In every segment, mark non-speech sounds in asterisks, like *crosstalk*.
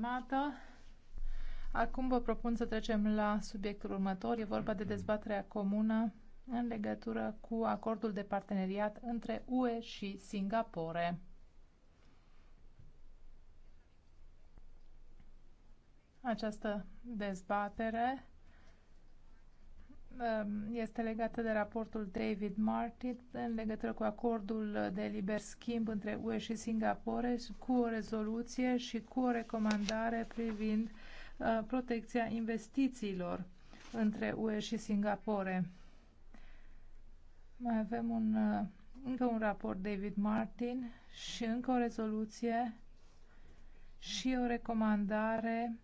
exprimată. Acum vă propun să trecem la subiectul următor. E vorba de dezbaterea comună în legătură cu acordul de parteneriat între UE și Singapore. Această dezbatere Um, este legată de raportul David Martin în legătură cu acordul de liber schimb între UE și Singapore cu o rezoluție și cu o recomandare privind uh, protecția investițiilor între UE și Singapore. Mai avem un, uh, încă un raport David Martin și încă o rezoluție și o recomandare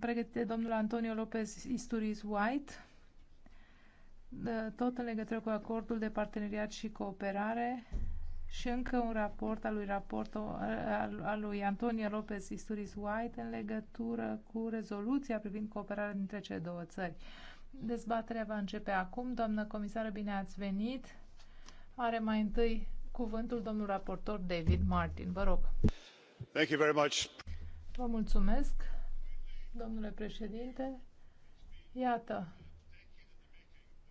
pregătit de domnul Antonio Lopez Isturiz White, tot în legătură cu acordul de parteneriat și cooperare și încă un raport al lui, raport, al, al lui Antonio Lopez Isturiz White în legătură cu rezoluția privind cooperarea dintre cele două țări. Dezbaterea va începe acum. Doamnă comisară, bine ați venit. Are mai întâi cuvântul domnul raportor David Martin. Vă rog. Thank you very much. Vă mulțumesc domnule președinte. Iată,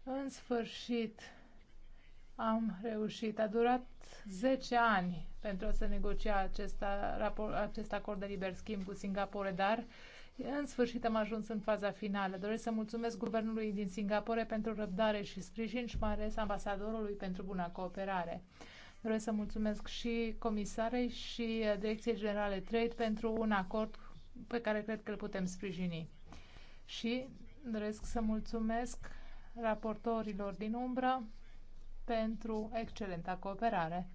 în sfârșit am reușit. A durat 10 ani pentru a se negocia acest, raport, acest acord de liber schimb cu Singapore, dar în sfârșit am ajuns în faza finală. Doresc să mulțumesc guvernului din Singapore pentru răbdare și sprijin și mai ales ambasadorului pentru buna cooperare. Doresc să mulțumesc și comisarei și Direcției Generale Trade pentru un acord pe care cred că îl putem sprijini. Și doresc să mulțumesc raportorilor din umbră pentru excelenta cooperare.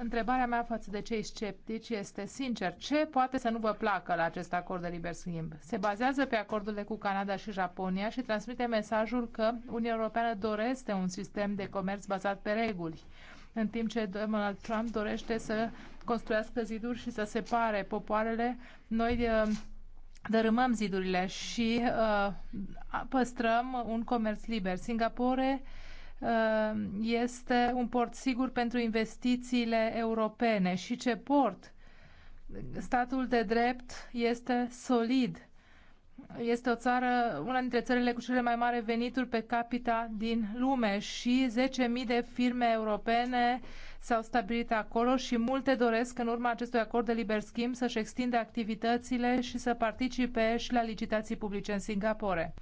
Întrebarea mea față de cei sceptici este, sincer, ce poate să nu vă placă la acest acord de liber schimb? Se bazează pe acordurile cu Canada și Japonia și transmite mesajul că Uniunea Europeană dorește un sistem de comerț bazat pe reguli, în timp ce Donald Trump dorește să construiască ziduri și să separe popoarele, noi uh, dărâmăm zidurile și uh, păstrăm un comerț liber. Singapore uh, este un port sigur pentru investițiile europene și ce port? Statul de drept este solid este o țară, una dintre țările cu cele mai mari venituri pe capita din lume și 10.000 de firme europene s-au stabilit acolo și multe doresc în urma acestui acord de liber schimb să-și extindă activitățile și să participe și la licitații publice în Singapore.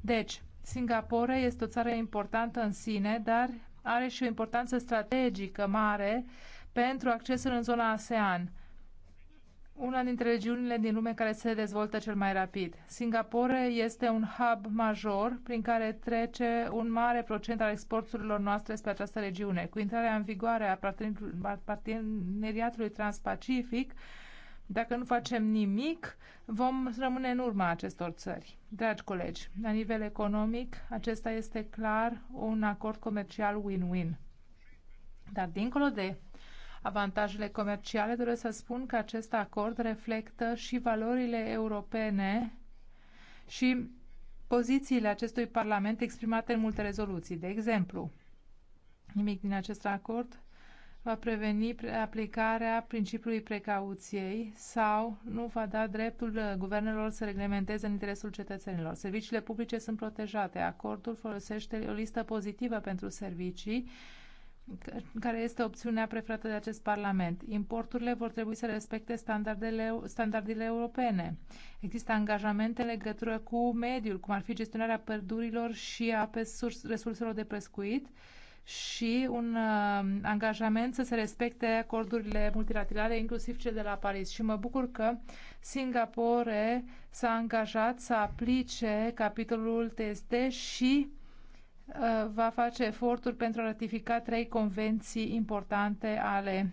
Deci, Singapore este o țară importantă în sine, dar are și o importanță strategică mare pentru accesul în zona ASEAN una dintre regiunile din lume care se dezvoltă cel mai rapid. Singapore este un hub major prin care trece un mare procent al exporturilor noastre spre această regiune. Cu intrarea în vigoare a parteneriatului transpacific, dacă nu facem nimic, vom rămâne în urma acestor țări. Dragi colegi, la nivel economic, acesta este clar un acord comercial win-win. Dar dincolo de avantajele comerciale, doresc să spun că acest acord reflectă și valorile europene și pozițiile acestui Parlament exprimate în multe rezoluții. De exemplu, nimic din acest acord va preveni aplicarea principiului precauției sau nu va da dreptul uh, guvernelor să reglementeze în interesul cetățenilor. Serviciile publice sunt protejate. Acordul folosește o listă pozitivă pentru servicii care este opțiunea preferată de acest Parlament. Importurile vor trebui să respecte standardele, standardele europene. Există angajamente în legătură cu mediul, cum ar fi gestionarea pădurilor și a resurselor de pescuit și un uh, angajament să se respecte acordurile multilaterale, inclusiv cele de la Paris. Și mă bucur că Singapore s-a angajat să aplice capitolul TST și Uh, va face eforturi pentru a ratifica trei convenții importante ale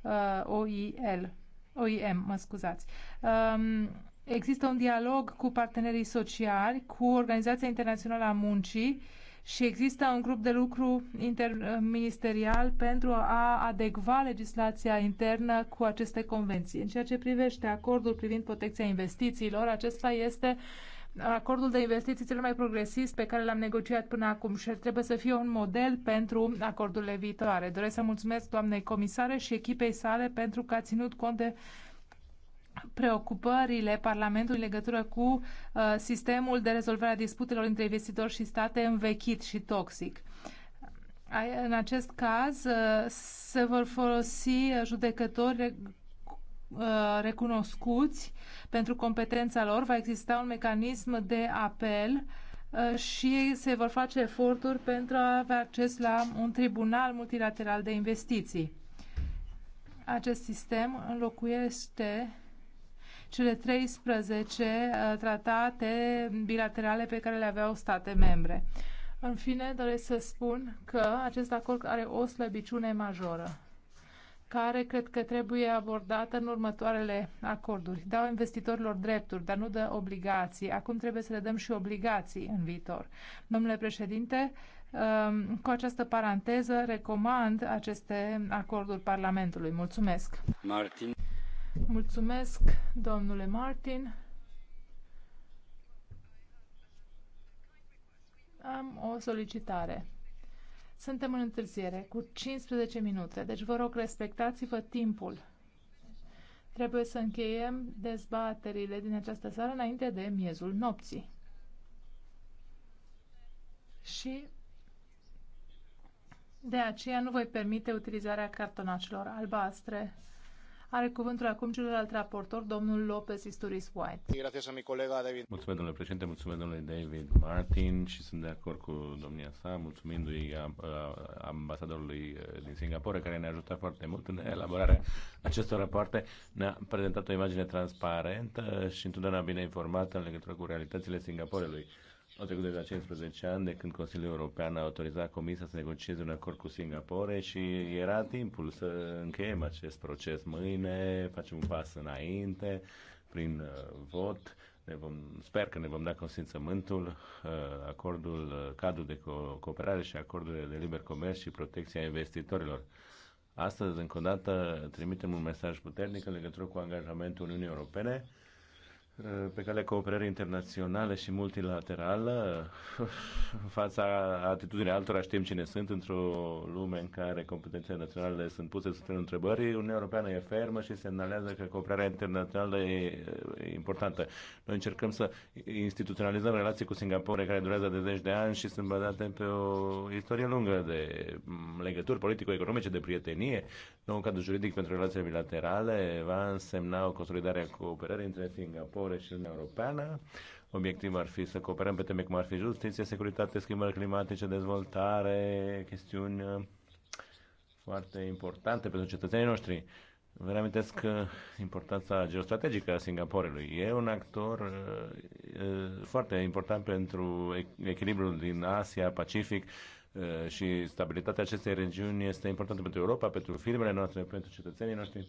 uh, OIL, OIM, mă scuzați. Um, există un dialog cu partenerii sociali, cu Organizația Internațională a Muncii și există un grup de lucru interministerial pentru a adecva legislația internă cu aceste convenții. În ceea ce privește acordul privind protecția investițiilor, acesta este uh, acordul de investiții cel mai progresist pe care l-am negociat până acum și trebuie să fie un model pentru acordurile viitoare. Doresc să mulțumesc doamnei comisare și echipei sale pentru că a ținut cont de preocupările Parlamentului în legătură cu uh, sistemul de rezolvare a disputelor între investitori și state învechit și toxic. În acest caz uh, se vor folosi judecători Uh, recunoscuți pentru competența lor, va exista un mecanism de apel uh, și se vor face eforturi pentru a avea acces la un tribunal multilateral de investiții. Acest sistem înlocuiește cele 13 uh, tratate bilaterale pe care le aveau state membre. În fine, doresc să spun că acest acord are o slăbiciune majoră care cred că trebuie abordată în următoarele acorduri. Dau investitorilor drepturi, dar nu dă obligații. Acum trebuie să le dăm și obligații în viitor. Domnule președinte, um, cu această paranteză recomand aceste acorduri Parlamentului. Mulțumesc! Martin. Mulțumesc, domnule Martin. Am o solicitare. Suntem în întârziere cu 15 minute, deci vă rog respectați-vă timpul. Trebuie să încheiem dezbaterile din această seară înainte de miezul nopții. Și de aceea nu voi permite utilizarea cartonașelor albastre. Are cuvântul acum celălalt raportor, domnul Lopez Isturis White. Mulțumesc, domnule președinte, mulțumesc, domnule David Martin și sunt de acord cu domnia sa, mulțumindu-i ambasadorului eh, din Singapore, care ne-a ajutat foarte mult în elaborarea acestor rapoarte. Ne-a prezentat o imagine transparentă și întotdeauna bine informată în legătură cu realitățile Singaporelui. Au trecut deja 15 ani de când Consiliul European a autorizat Comisia să negocieze un acord cu Singapore și era timpul să încheiem acest proces mâine, facem un pas înainte prin uh, vot. Ne vom, sper că ne vom da consimțământul, uh, acordul, uh, cadrul de cooperare și acordurile de liber comerț și protecția investitorilor. Astăzi, încă o dată, trimitem un mesaj puternic în legătură cu angajamentul Uniunii Europene pe calea cooperării internaționale și multilaterală, în fața atitudinii altora știm cine sunt într-o lume în care competențele naționale sunt puse sub în întrebări, Uniunea Europeană e fermă și semnalează că cooperarea internațională e importantă. Noi încercăm să instituționalizăm relații cu Singapore care durează de zeci de ani și sunt bazate pe o istorie lungă de legături politico-economice, de prietenie. Nou cadru juridic pentru relațiile bilaterale va însemna o consolidare a cooperării între Singapore ore și Uniunea Europeană. Obiectivul ar fi să cooperăm pe teme cum ar fi justiție, securitate, schimbări climatice, dezvoltare, chestiuni uh, foarte importante pentru cetățenii noștri. Vă reamintesc uh, importanța geostrategică a Singaporelui. E un actor uh, foarte important pentru echilibrul din Asia, Pacific și stabilitatea acestei regiuni este importantă pentru Europa, pentru firmele noastre, pentru cetățenii noștri.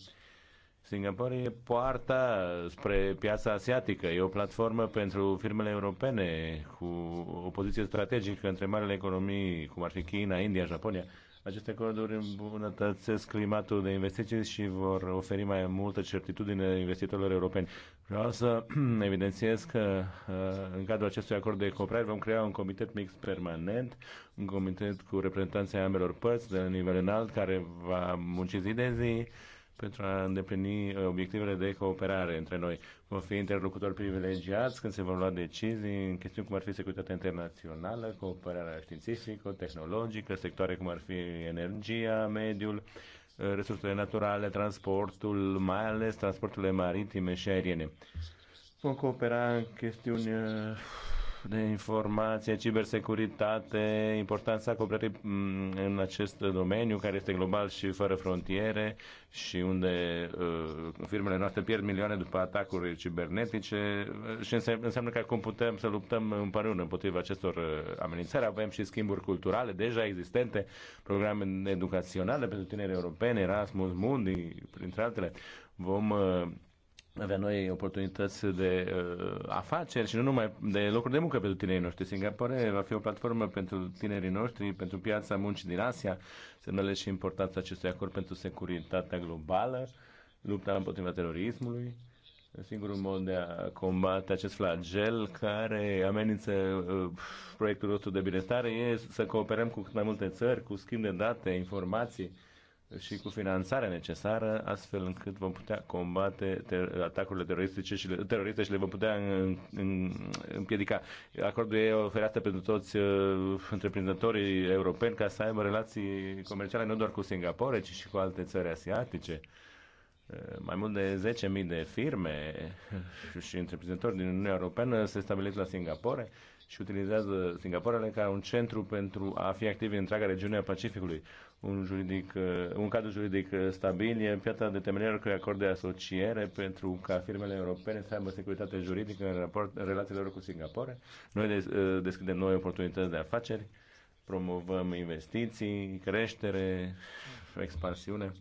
Singapore e poarta spre piața asiatică, e o platformă pentru firmele europene cu o poziție strategică între marile economii, cum ar fi China, India, Japonia. Aceste acorduri îmbunătățesc climatul de investiții și vor oferi mai multă certitudine investitorilor europeni. Vreau să *clears throat* evidențiez că uh, în cadrul acestui acord de cooperare vom crea un comitet mix permanent, un comitet cu reprezentanții ambelor părți de nivel înalt care va munci zi de zi pentru a îndeplini uh, obiectivele de cooperare între noi. Vom fi interlocutori privilegiați când se vor lua decizii în chestiuni cum ar fi securitatea internațională, cooperarea științifică, tehnologică, sectoare cum ar fi energia, mediul, uh, resursele naturale, transportul, mai ales transporturile maritime și aeriene. Vom coopera în chestiuni uh, de informație, cibersecuritate, importanța cooperării mm, în acest domeniu care este global și fără frontiere și unde uh, firmele noastre pierd milioane după atacuri cibernetice uh, și înseamnă că acum putem să luptăm împreună împotriva acestor uh, amenințări. Avem și schimburi culturale deja existente, programe educaționale pentru tineri europeni, Erasmus Mundi, printre altele. Vom uh, avea noi oportunități de uh, afaceri și nu numai de locuri de muncă pentru tinerii noștri. Singapore va fi o platformă pentru tinerii noștri, pentru piața muncii din Asia, semnele și importanța acestui acord pentru securitatea globală, lupta împotriva terorismului, singurul mod de a combate acest flagel care amenință uh, proiectul nostru de binestare e să cooperăm cu cât mai multe țări, cu schimb de date, informații, și cu finanțarea necesară, astfel încât vom putea combate ter- atacurile teroriste și, le, teroriste și le vom putea în, în, împiedica. Acordul e o pentru toți uh, întreprinzătorii europeni ca să aibă relații comerciale nu doar cu Singapore, ci și cu alte țări asiatice. Uh, mai mult de 10.000 de firme uh, și întreprinzători din Uniunea Europeană se stabilesc la Singapore și utilizează Singaporele ca un centru pentru a fi activi în întreaga regiune a Pacificului un, juridic, uh, un cadru juridic stabil e piața de temelier că acord de asociere pentru ca firmele europene să aibă securitate juridică în, raport, în relațiile lor cu Singapore. Noi des, uh, deschidem noi oportunități de afaceri, promovăm investiții, creștere, expansiune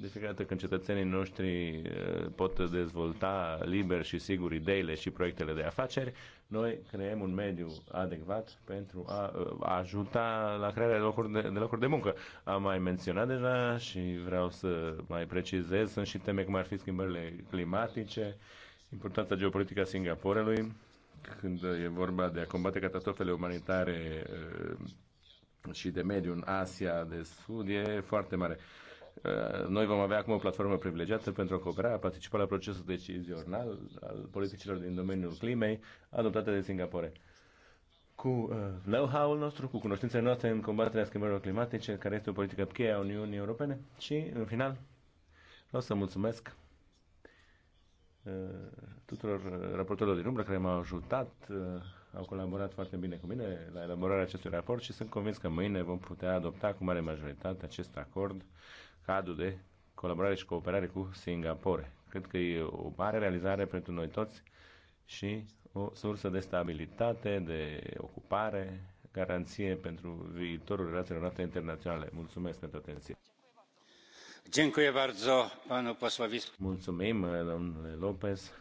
de fiecare dată când cetățenii noștri eh, pot dezvolta liber și sigur ideile și proiectele de afaceri, noi creăm un mediu adecvat pentru eh, a, ajuta la crearea de locuri de, de locuri de muncă. Am mai menționat deja și vreau să mai precizez, sunt și teme cum ar fi schimbările climatice, importanța geopolitică a Singaporelui, când e vorba de a combate catastrofele umanitare eh, și de mediu în Asia de Sud, e foarte mare. Uh, noi vom avea acum o platformă privilegiată pentru a coopera, a participa la procesul decizional al politicilor din domeniul climei adoptate de Singapore. Cu uh, know-how-ul nostru, cu cunoștințele noastre în combaterea schimbărilor climatice, care este o politică cheie a Uniunii Europene și, în final, vreau să mulțumesc uh, tuturor raportorilor din umbră care m-au ajutat, au colaborat foarte bine cu mine la elaborarea acestui raport și sunt convins că mâine vom putea adopta cu mare majoritate acest acord cadrul de colaborare și cooperare cu Singapore. Cred că e o mare realizare pentru noi toți și o sursă de stabilitate, de ocupare, garanție pentru viitorul relațiilor noastre internaționale. Mulțumesc pentru atenție. Mulțumim, domnule Lopez.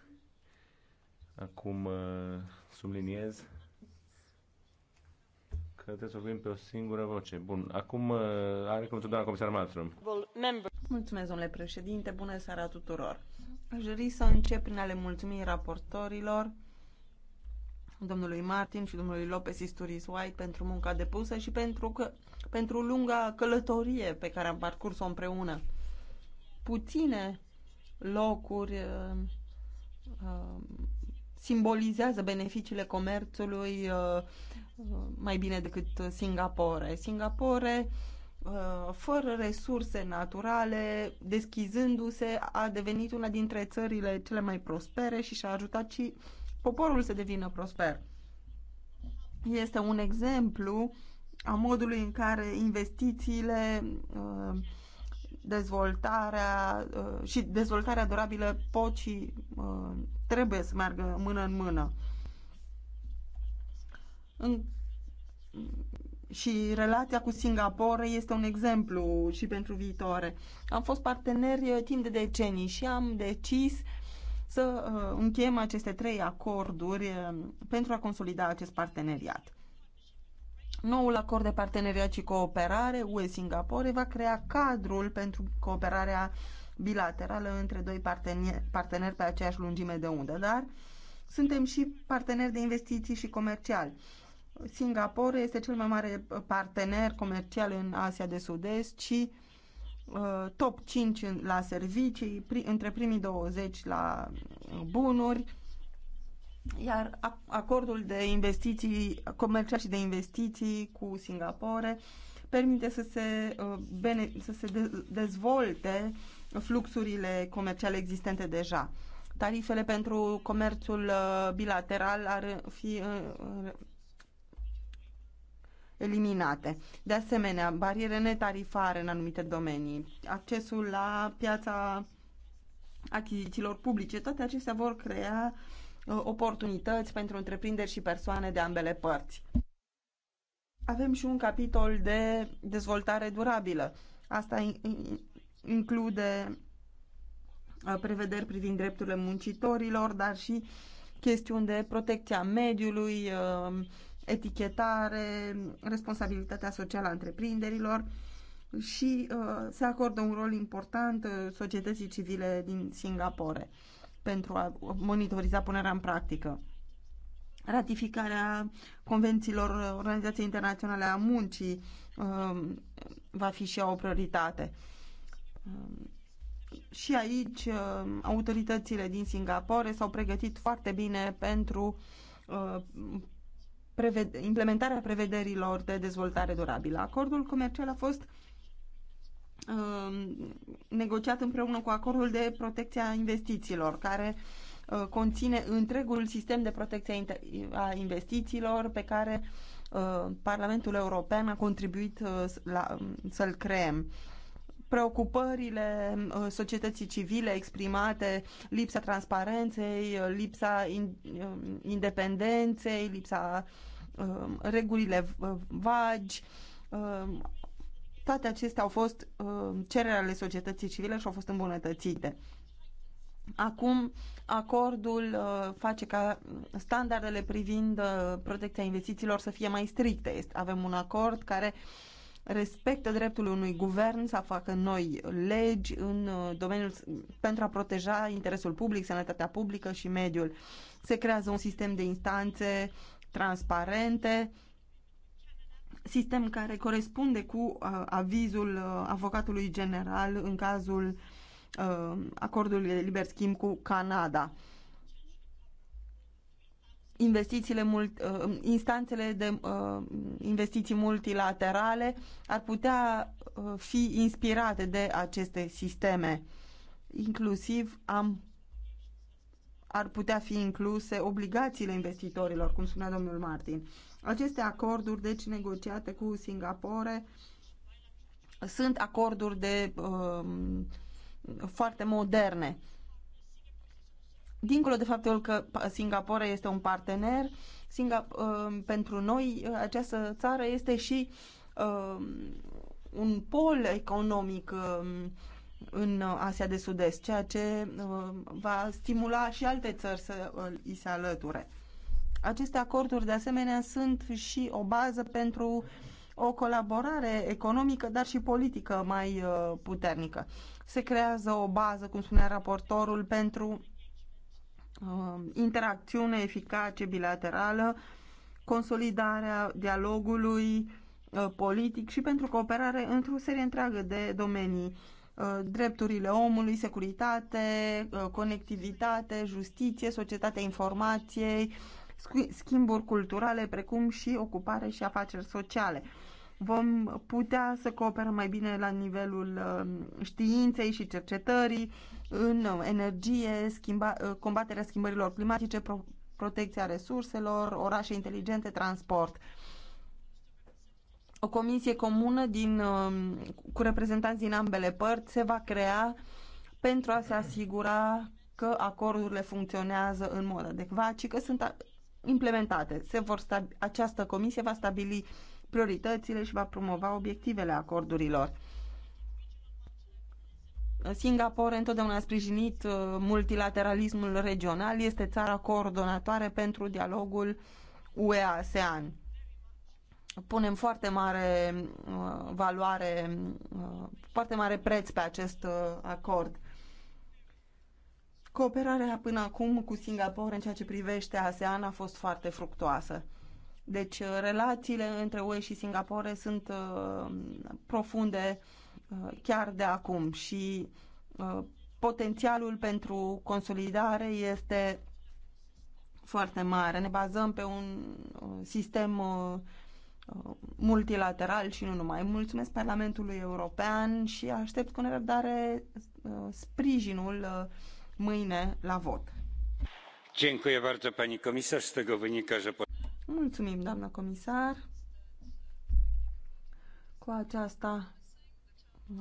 Acum uh, subliniez trebuie să vorbim pe o singură voce. Bun, acum uh, are cuvântul doamna comisar Malmström. Mulțumesc, domnule președinte, bună seara tuturor. Aș dori să încep prin a le mulțumi raportorilor, domnului Martin și domnului Lopez Isturis White pentru munca depusă și pentru, că, pentru lunga călătorie pe care am parcurs-o împreună. Puține locuri uh, uh, simbolizează beneficiile comerțului uh, mai bine decât uh, Singapore. Singapore, uh, fără resurse naturale, deschizându-se, a devenit una dintre țările cele mai prospere și și-a ajutat și poporul să devină prosper. Este un exemplu a modului în care investițiile, uh, dezvoltarea și dezvoltarea durabilă pot și trebuie să meargă mână în mână în... Și relația cu Singapore este un exemplu și pentru viitoare. Am fost parteneri eh, timp de decenii și am decis să eh, încheiem aceste trei acorduri eh, pentru a consolida acest parteneriat. Noul acord de parteneriat și cooperare UE-Singapore va crea cadrul pentru cooperarea bilaterală între doi parteneri, parteneri pe aceeași lungime de undă, dar suntem și parteneri de investiții și comercial. Singapore este cel mai mare partener comercial în Asia de Sud-Est și uh, top 5 la servicii, între primii 20 la bunuri, iar acordul de investiții comercial și de investiții cu Singapore permite să se, uh, bene, să se dezvolte fluxurile comerciale existente deja. Tarifele pentru comerțul uh, bilateral ar fi eliminate. De asemenea, bariere netarifare în anumite domenii, accesul la piața achizițiilor publice, toate acestea vor crea uh, oportunități pentru întreprinderi și persoane de ambele părți. Avem și un capitol de dezvoltare durabilă. Asta include uh, prevederi privind drepturile muncitorilor, dar și chestiuni de protecția mediului, uh, etichetare, responsabilitatea socială a întreprinderilor și uh, se acordă un rol important uh, societății civile din Singapore pentru a monitoriza punerea în practică. Ratificarea convențiilor uh, Organizației Internaționale a Muncii uh, va fi și ea o prioritate. Uh, și aici uh, autoritățile din Singapore s-au pregătit foarte bine pentru uh, preved implementarea prevederilor de dezvoltare durabilă. Acordul comercial a fost um, negociat împreună cu acordul de protecție a investițiilor, care uh, conține întregul sistem de protecție a investițiilor pe care uh, Parlamentul European a contribuit uh, la, um, să-l creăm preocupările uh, societății civile exprimate, lipsa transparenței, uh, lipsa um, independenței, lipsa um, regulile uh, vagi. Um, toate acestea au fost cererea ale societății civile și au fost îmbunătățite. Acum, acordul face ca standardele privind protecția investițiilor să fie mai stricte. Avem un acord care uh, respectă dreptul unui guvern să facă noi legi în uh, domeniul pentru a proteja interesul public, sănătatea publică și mediul. Se creează un sistem de instanțe transparente, sistem care corespunde cu uh, avizul uh, avocatului general în cazul acordului de liber schimb cu Canada investițiile mult, uh, instanțele de uh, investiții multilaterale ar putea uh, fi inspirate de aceste sisteme. Inclusiv am ar putea fi incluse obligațiile investitorilor, cum spunea domnul Martin. Aceste acorduri, deci negociate cu Singapore, sunt acorduri de uh, foarte moderne Dincolo de faptul că Singapore este un partener, Singap- um, pentru noi această țară este și um, un pol economic um, în Asia de Sud-Est, ceea ce va stimula și alte țări să uh, îi se alăture. Aceste acorduri, de asemenea, sunt și o bază pentru o colaborare economică, dar și politică mai uh, puternică. Se creează o bază, cum spunea raportorul, pentru Um, interacțiune eficace bilaterală, consolidarea dialogului uh, politic și pentru cooperare într-o serie întreagă de domenii uh, drepturile omului, securitate, uh, conectivitate, justiție, societatea informației, schimburi culturale, precum și ocupare și afaceri sociale vom putea să cooperăm mai bine la nivelul um, științei și cercetării, în uh, energie, schimba, uh, combaterea schimbărilor climatice, pro, protecția resurselor, orașe inteligente, transport. O comisie comună din, um, cu reprezentanți din ambele părți se va crea pentru a se asigura că acordurile funcționează în mod adecvat și că sunt implementate. Se vor stabi- această comisie va stabili prioritățile și va promova obiectivele acordurilor. Singapore întotdeauna a sprijinit uh, multilateralismul regional, este țara coordonatoare pentru dialogul UE-ASEAN. Punem foarte mare uh, valoare, uh, foarte mare preț pe acest acord. Cooperarea până acum cu Singapore în ceea ce privește ASEAN a fost foarte fructoasă. Deci uh, relațiile între UE și Singapore sunt uh, profunde uh, chiar de acum și uh, potențialul pentru consolidare este foarte mare. Ne bazăm pe un uh, sistem uh, multilateral și nu numai. Mulțumesc Parlamentului European și aștept cu nerăbdare sprijinul mâine la vot. Dziękuję bardzo pani komisarz. Z tego wynika, że Mulțumim, doamna comisar. Cu aceasta,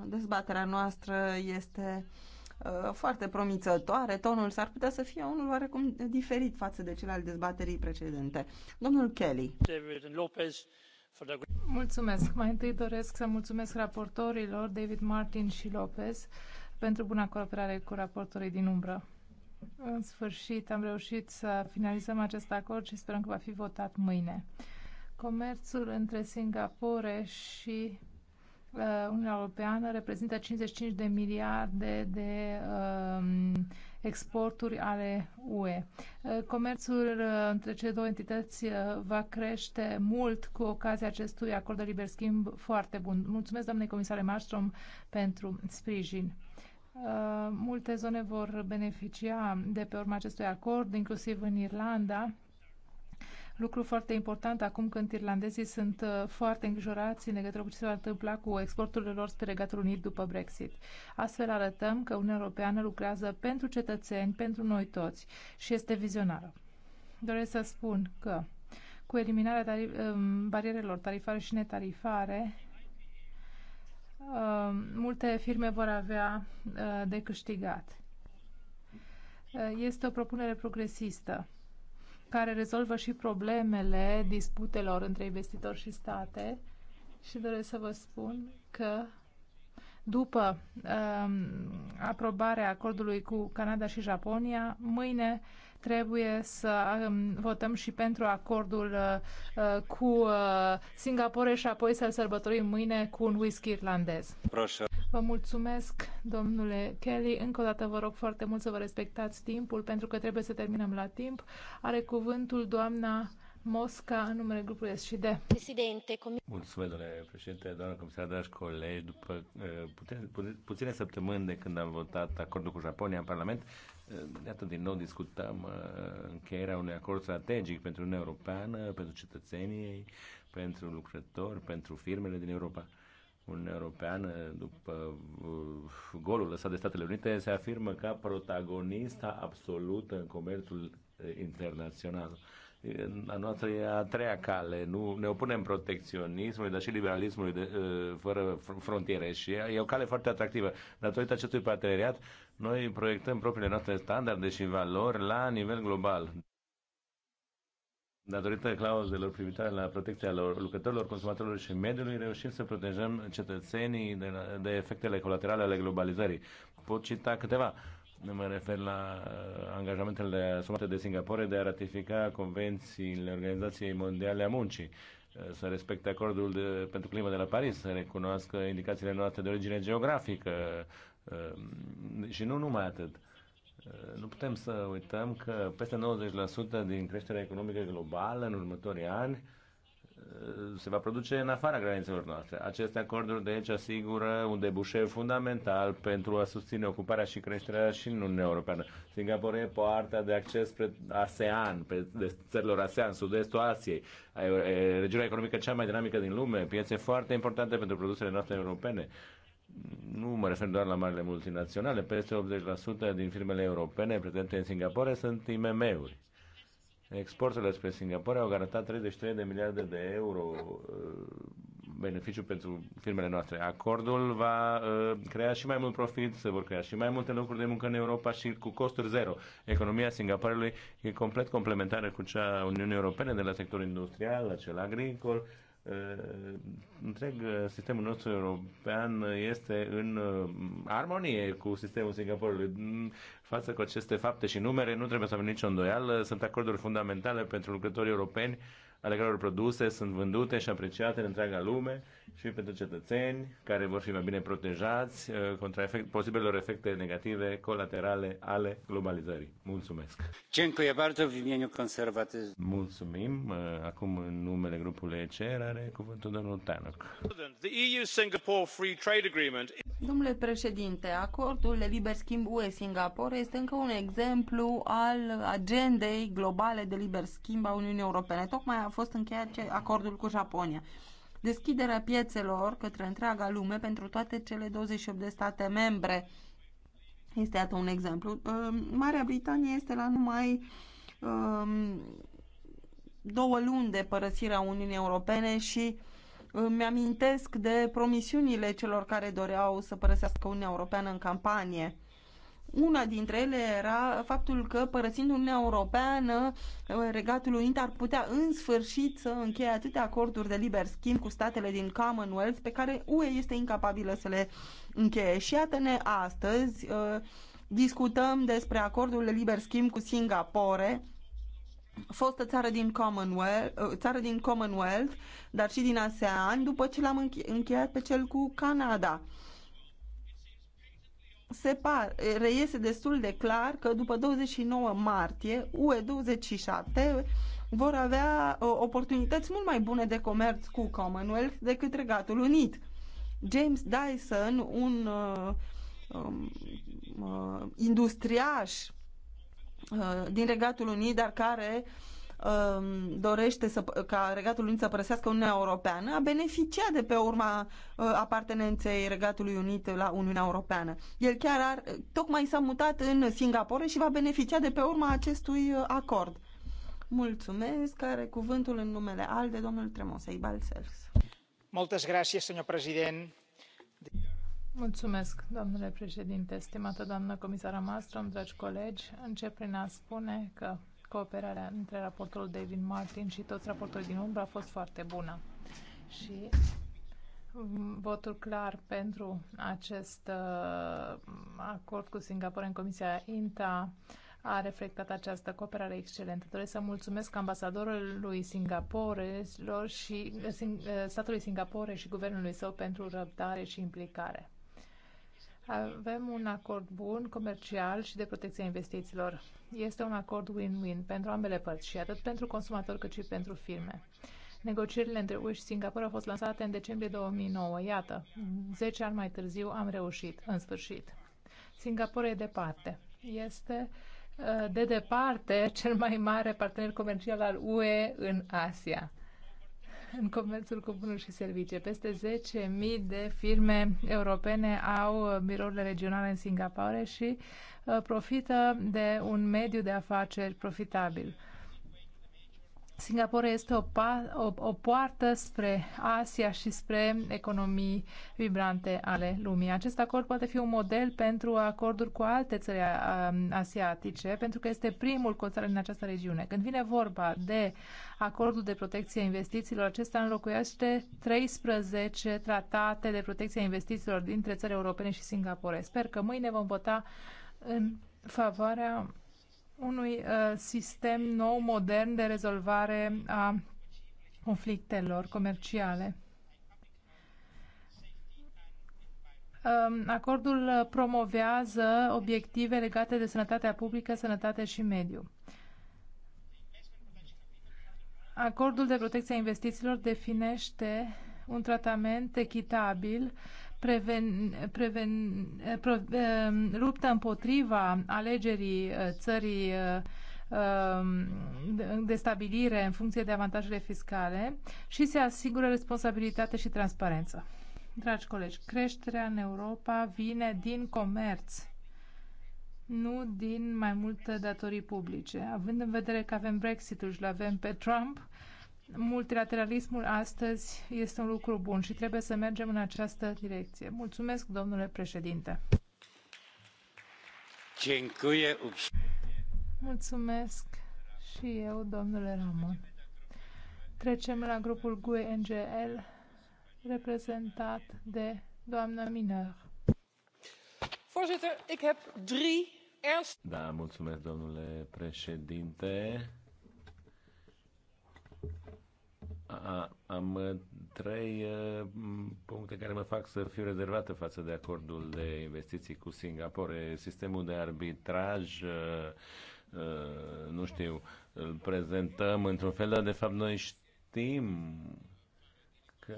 dezbaterea noastră este uh, foarte promițătoare. Tonul s-ar putea să fie unul oarecum diferit față de cel al dezbaterii precedente. Domnul Kelly. David Lopez. Mulțumesc. Mai întâi doresc să mulțumesc raportorilor David Martin și Lopez pentru buna cooperare cu raportorii din umbră. În sfârșit am reușit să finalizăm acest acord și sperăm că va fi votat mâine. Comerțul între Singapore și uh, Uniunea Europeană reprezintă 55 de miliarde de uh, exporturi ale UE. Uh, comerțul uh, între cele două entități uh, va crește mult cu ocazia acestui acord de liber schimb foarte bun. Mulțumesc, doamnei comisare Marstrom, pentru sprijin. Uh, multe zone vor beneficia de pe urma acestui acord, inclusiv în Irlanda. Lucru foarte important acum când irlandezii sunt uh, foarte îngrijorați în legătură cu ce se va întâmpla cu exporturile lor spre Regatul Unit după Brexit. Astfel arătăm că Uniunea Europeană lucrează pentru cetățeni, pentru noi toți și este vizionară. Doresc să spun că cu eliminarea tarif- um, barierelor tarifare și netarifare, Uh, multe firme vor avea uh, de câștigat. Uh, este o propunere progresistă care rezolvă și problemele disputelor între investitori și state și doresc să vă spun că după uh, aprobarea acordului cu Canada și Japonia, mâine uh, Trebuie să um, votăm și pentru acordul uh, uh, cu uh, Singapore și apoi să-l sărbătorim mâine cu un whisky irlandez. Proșa. Vă mulțumesc, domnule Kelly. Încă o dată vă rog foarte mult să vă respectați timpul, pentru că trebuie să terminăm la timp. Are cuvântul doamna Mosca în numele grupului SCD. Președinte, Mulțumesc, domnule președinte, doamnă comisar, dragi colegi. După uh, puține, puține săptămâni de când am votat acordul cu Japonia în Parlament, Eh, iată, din nou discutăm că era un acord strategic pentru Uniunea Europeană, pentru cetățenii, pentru lucrători, pentru firmele din Europa. Uniunea Europeană, după eh, golul lăsat de Statele Unite, se afirmă ca protagonista absolută în comerțul eh, internațional. A noastră e a treia cale. Nu ne opunem protecționismului, dar și liberalismului de, fără frontiere și e o cale foarte atractivă. Datorită acestui parteneriat, noi proiectăm propriile noastre standarde și valori la nivel global. Datorită clauzelor privitoare la protecția lor, lucrătorilor, consumatorilor și mediului, reușim să protejăm cetățenii de, de efectele colaterale ale globalizării. Pot cita câteva. Mă refer la uh, angajamentele asumate de Singapore de a ratifica convențiile Organizației Mondiale a Muncii, uh, să respecte acordul de, pentru climă de la Paris, să recunoască indicațiile noastre de origine geografică, Ehm, și nu numai atât. Ehm, nu putem să uităm că peste 90% din creșterea economică globală în următorii ani ehm, se va produce în afara granițelor noastre. Aceste acorduri de aici asigură un debușeu fundamental pentru a susține ocuparea și creșterea și în Uniunea Europeană. Singapore e poarta de acces spre ASEAN, pe, de țărilor ASEAN, sud-estul Asiei, regiunea economică cea mai dinamică din lume, piețe foarte importante pentru produsele noastre europene nu mă refer doar la marile multinaționale, peste 80% din firmele europene prezente în Singapore sunt IMM-uri. Exporturile spre Singapore au garantat 33 de miliarde de euro uh, beneficiu pentru firmele noastre. Acordul va uh, crea și mai mult profit, se vor crea și mai multe locuri de muncă în Europa și cu costuri zero. Economia Singaporelui e complet complementară cu cea a Uniunii Europene, de la sectorul industrial, la cel agricol, Ă, întreg ă, sistemul nostru european este în ă, armonie cu sistemul Singaporului. Față cu aceste fapte și numere, nu trebuie să avem nicio îndoială, sunt acorduri fundamentale pentru lucrătorii europeni ale căror produse sunt vândute și apreciate în întreaga lume și pentru cetățeni care vor fi mai bine protejați uh, contra efect, posibilor efecte negative colaterale ale globalizării. Mulțumesc! Mulțumim! Uh, acum în numele grupului ECR are cuvântul domnul Tanok. Domnule președinte, acordul de liber schimb UE-Singapore este încă un exemplu al agendei globale de liber schimb a Uniunii Europene. Tocmai a fost încheiat acordul cu Japonia. Deschiderea piețelor către întreaga lume pentru toate cele 28 de state membre este atât un exemplu. Marea Britanie este la numai um, două luni de părăsirea Uniunii Europene și îmi amintesc de promisiunile celor care doreau să părăsească Uniunea Europeană în campanie. Una dintre ele era faptul că părăsind Uniunea Europeană, Regatul Unit ar putea în sfârșit să încheie atâtea acorduri de liber schimb cu statele din Commonwealth pe care UE este incapabilă să le încheie. Și iată-ne astăzi uh, discutăm despre acordul de liber schimb cu Singapore, fostă țară din Commonwealth, uh, țară din Commonwealth, dar și din ASEAN, după ce l-am încheiat pe cel cu Canada se par, reiese destul de clar că după 29 martie, UE27 vor avea uh, oportunități mult mai bune de comerț cu Commonwealth decât Regatul Unit. James Dyson, un uh, um, uh, industriaș uh, din Regatul Unit, dar care uh, Um, dorește să, ca Regatul Unit să părăsească Uniunea Europeană a beneficiat de pe urma uh, apartenenței Regatului Unit la Uniunea Europeană. El chiar ar, tocmai s-a mutat în Singapore și va beneficia de pe urma acestui uh, acord. Mulțumesc. Care cuvântul în numele al de domnul Tremosei Balsers. Moltes gracias, señor president. Mulțumesc, domnule președinte, stimată doamnă comisară Mastrom, dragi colegi. Încep prin a spune că Cooperarea între raportorul David Martin și toți raportorii din umbră a fost foarte bună. Și votul clar pentru acest uh, acord cu Singapore în Comisia INTA a reflectat această cooperare excelentă. Doresc să mulțumesc ambasadorului Singapore și, uh, uh, statului Singapore și guvernului său pentru răbdare și implicare. Avem un acord bun comercial și de protecție a investițiilor. Este un acord win-win pentru ambele părți și atât pentru consumatori cât și pentru firme. Negocierile între UE și Singapore au fost lansate în decembrie 2009. Iată, 10 ani mai târziu am reușit, în sfârșit. Singapore e departe. Este uh, de departe cel mai mare partener comercial al UE în Asia în comerțul cu bunuri și servicii. Peste 10.000 de firme europene au birourile regionale în Singapore și uh, profită de un mediu de afaceri profitabil. Singapore este o, o, o poartă spre Asia și spre economii vibrante ale lumii. Acest acord poate fi un model pentru acorduri cu alte țări asiatice, pentru că este primul cu țară în această regiune. Când vine vorba de acordul de protecție a investițiilor, acesta înlocuiește 13 tratate de protecție a investițiilor dintre țări europene și Singapore. Sper că mâine vom vota în favoarea unui uh, sistem nou, modern de rezolvare a conflictelor comerciale. Um, acordul promovează obiective legate de sănătatea publică, sănătate și mediu. Acordul de protecție a investițiilor definește un tratament echitabil preven, preven, eh, pre, eh, luptă împotriva alegerii eh, țării de stabilire în funcție de avantajele fiscale și se asigură responsabilitate și transparență. Dragi colegi, creșterea în Europa vine din comerț, nu din mai multe datorii publice. Având în vedere că avem Brexitul și l avem pe Trump, uh, multilateralismul astăzi este un lucru bun și trebuie să mergem în această direcție. Mulțumesc, domnule președinte. Mulțumesc și eu, domnule Ramon. Trecem la grupul GUE NGL, reprezentat de doamna Miner. Voorzitter, ik heb drie Da, mulțumesc, domnule președinte am uh, trei uh, puncte care mă fac să fiu rezervată față de acordul de investiții cu Singapore. Sistemul de arbitraj, uh, nu știu, îl prezentăm într-un fel, dar de fapt noi știm că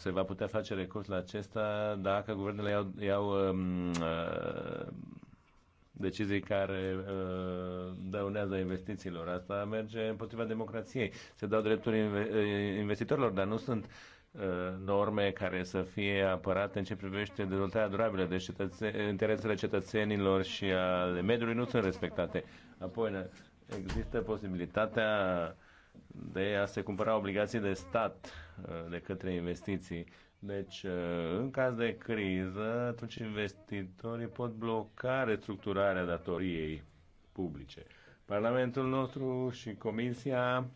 se va putea face recurs la acesta dacă guvernele iau, iau um, uh, decizii care uh, dăunează investițiilor. Asta merge împotriva democrației. Se dau drepturi uh, investitorilor, dar nu sunt uh, norme care să fie apărate în ce privește dezvoltarea durabilă, deci cetățe- interesele cetățenilor și ale mediului nu sunt respectate. Apoi există posibilitatea de a se cumpăra obligații de stat uh, de către investiții deci, uh, în caz de criză, atunci investitorii pot bloca restructurarea datoriei publice. Parlamentul nostru și Comisia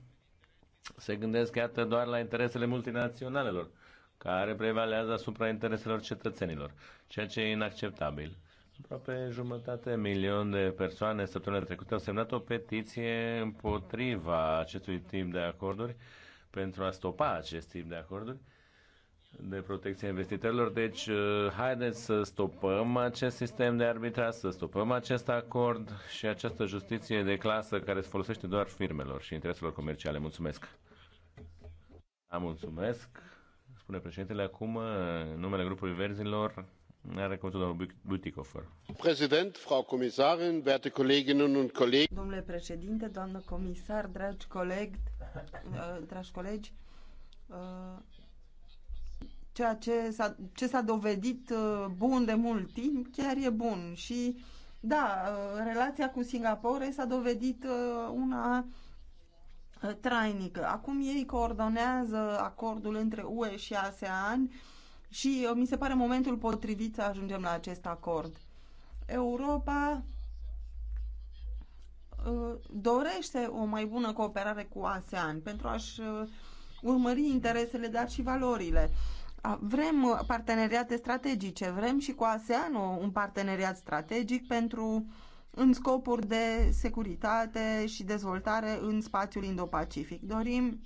se gândesc, iată, doar la interesele multinaționalelor, care prevalează asupra intereselor cetățenilor, ceea ce e inacceptabil. Aproape jumătate milion de persoane săptămâna trecută au semnat o petiție împotriva acestui tip de acorduri pentru a stopa acest tip de acorduri de protecție a investitorilor. Deci, uh, haideți să stopăm acest sistem de arbitraj, să stopăm acest acord și această justiție de clasă care se folosește doar firmelor și intereselor comerciale. Mulțumesc! Am da, mulțumesc! Spune președintele acum, uh, în numele grupului Verzilor, are cuvântul domnul Buticofer. Prezident, frau comisarin, verte Kolleginnen und Kollegen. Domnule președinte, doamnă comisar, dragi colegi, uh, dragi colegi, ceea ce s-a, ce s-a dovedit uh, bun de mult timp chiar e bun și da, uh, relația cu Singapore s-a dovedit uh, una trainică. Acum ei coordonează acordul între UE și ASEAN și mi se pare momentul potrivit să ajungem la acest acord. Europa dorește o mai bună cooperare cu ASEAN pentru a-și urmări interesele, dar și valorile. Vrem parteneriate strategice, vrem și cu ASEAN un parteneriat strategic pentru în scopuri de securitate și dezvoltare în spațiul Indo-Pacific. Dorim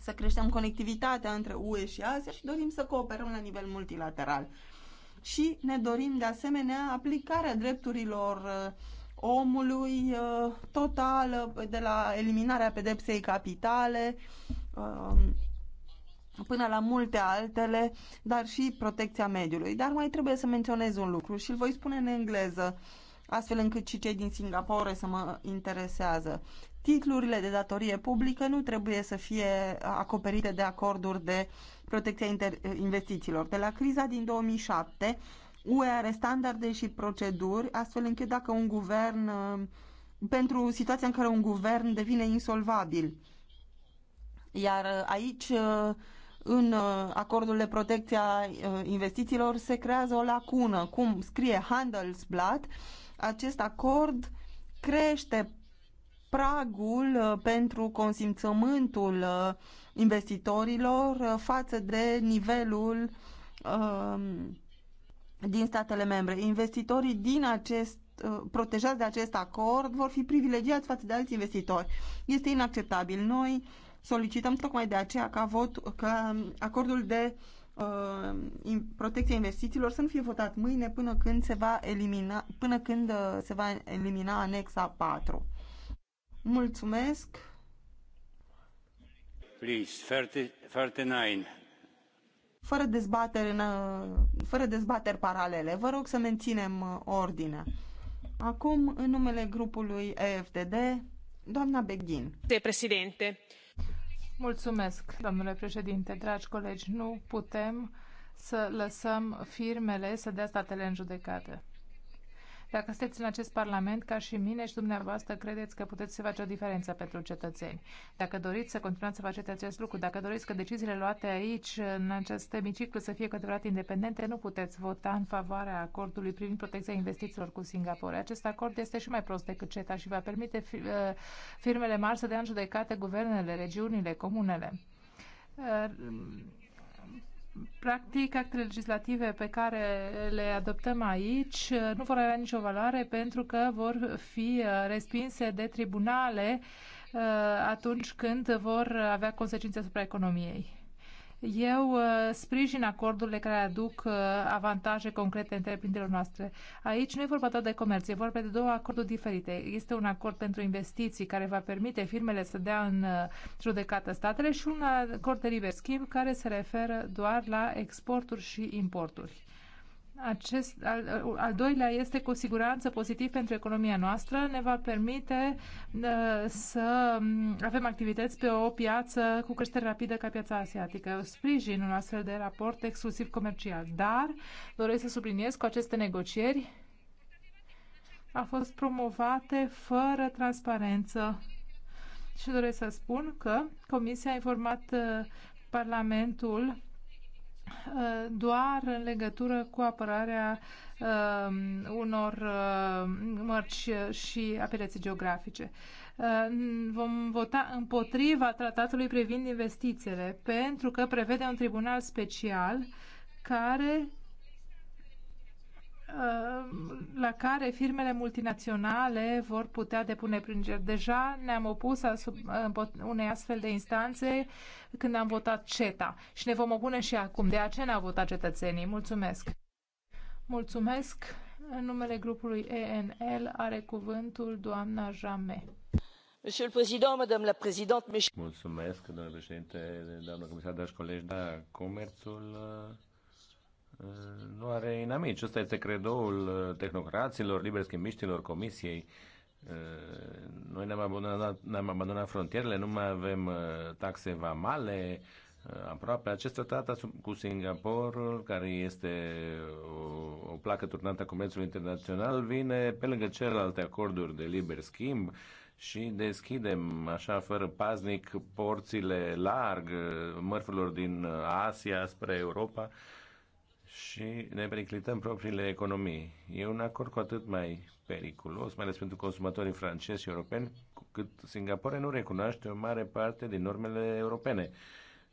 să creștem conectivitatea între UE și Asia și dorim să cooperăm la nivel multilateral. Și ne dorim de asemenea aplicarea drepturilor uh, omului uh, totală, de la eliminarea pedepsei capitale, uh, până la multe altele, dar și protecția mediului. Dar mai trebuie să menționez un lucru și îl voi spune în engleză, astfel încât și cei din Singapore să mă interesează. Titlurile de datorie publică nu trebuie să fie acoperite de acorduri de protecția investițiilor. De la criza din 2007, UE are standarde și proceduri, astfel încât dacă un guvern, pentru situația în care un guvern devine insolvabil, iar aici în uh, acordul de protecție a uh, investițiilor se creează o lacună. Cum scrie Handelsblatt, acest acord crește pragul uh, pentru consimțământul investitorilor față de nivelul um, din statele membre. Investitorii din acest protejați de acest acord vor fi privilegiați față de alți investitori. Este inacceptabil. Noi Solicităm tocmai de aceea ca, vot, ca acordul de uh, protecția investițiilor să nu fie votat mâine până când se va elimina, până când uh, se va elimina anexa 4. Mulțumesc. Please, 30, 39. Fără dezbateri, în, uh, fără dezbateri paralele, vă rog să menținem uh, ordinea. Acum, în numele grupului EFDD, doamna Beghin. De președinte, Mulțumesc, domnule președinte. Dragi colegi, nu putem să lăsăm firmele să dea statele în judecată. Dacă sunteți în acest Parlament, ca și mine și dumneavoastră, credeți că puteți să faceți o diferență pentru cetățeni. Dacă doriți să continuați să faceți acest lucru, dacă doriți că deciziile luate aici, în acest hemiciclu, să fie cu adevărat independente, nu puteți vota în favoarea acordului privind protecția investițiilor cu Singapore. Acest acord este și mai prost decât CETA și va permite uh, firmele mari să dea în judecată guvernele, regiunile, comunele uh, Practic, actele legislative pe care le adoptăm aici nu vor avea nicio valoare pentru că vor fi uh, respinse de tribunale uh, atunci când vor avea consecințe asupra economiei. Eu uh, sprijin acordurile care aduc uh, avantaje concrete întreprinderilor noastre. Aici nu e vorba doar de comerț, e vorba de două acorduri diferite. Este un acord pentru investiții care va permite firmele să dea în uh, judecată statele și un acord de liber schimb care se referă doar la exporturi și importuri. Acest, al, al doilea este cu siguranță pozitiv pentru economia noastră, ne va permite uh, să mm, avem activități pe o piață cu creștere rapidă ca piața asiatică. Sprijin un astfel de raport exclusiv comercial, dar doresc să subliniez cu aceste negocieri a fost promovate fără transparență. Și doresc să spun că Comisia a informat uh, Parlamentul Uh, doar în legătură cu apărarea uh, unor uh, mărci și apelații geografice. Uh, vom vota împotriva tratatului privind investițiile, pentru că prevede un tribunal special care la care firmele multinaționale vor putea depune plângeri. Deja ne-am opus unei astfel de instanțe când am votat CETA și ne vom opune și acum. De aceea ne-au votat cetățenii. Mulțumesc! Mulțumesc! În numele grupului ENL are cuvântul doamna Jame. Monsieur le Président, Madame la Présidente, Mulțumesc, domnule președinte, doamnă comisar, dragi colegi, da, comerțul nu are inamici. Ăsta este credoul uh, tehnocraților, liber schimbiștilor, comisiei. Uh, noi ne-am abandonat, ne-am abandonat frontierele, nu mai avem uh, taxe vamale, aproape. Acest tratat cu Singapore, care este o, o placă turnată a comerțului internațional, vine pe lângă celelalte acorduri de liber schimb și deschidem așa fără paznic porțile larg mărfurilor din Asia spre Europa și ne periclităm propriile economii. E un acord cu atât mai periculos, mai ales pentru consumatorii francezi și europeni, cu cât Singapore nu recunoaște o mare parte din normele europene.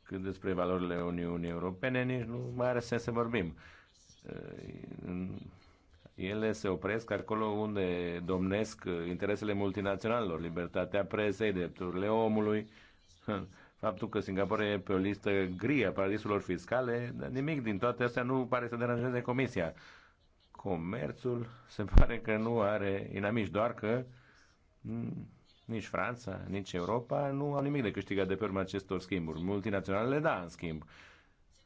Cât despre valorile Uniunii Europene, nici nu mai are sens să vorbim. Ele se opresc acolo unde domnesc interesele multinaționalelor, libertatea presei, drepturile omului, faptul că Singapore e pe o listă gri a paradisurilor fiscale, dar nimic din toate astea nu pare să deranjeze Comisia. Comerțul se *laughs* pare că nu are inamici, doar că nici Franța, nici Europa nu au nimic de câștigat de pe urma acestor schimburi. Multinaționalele, da, în schimb.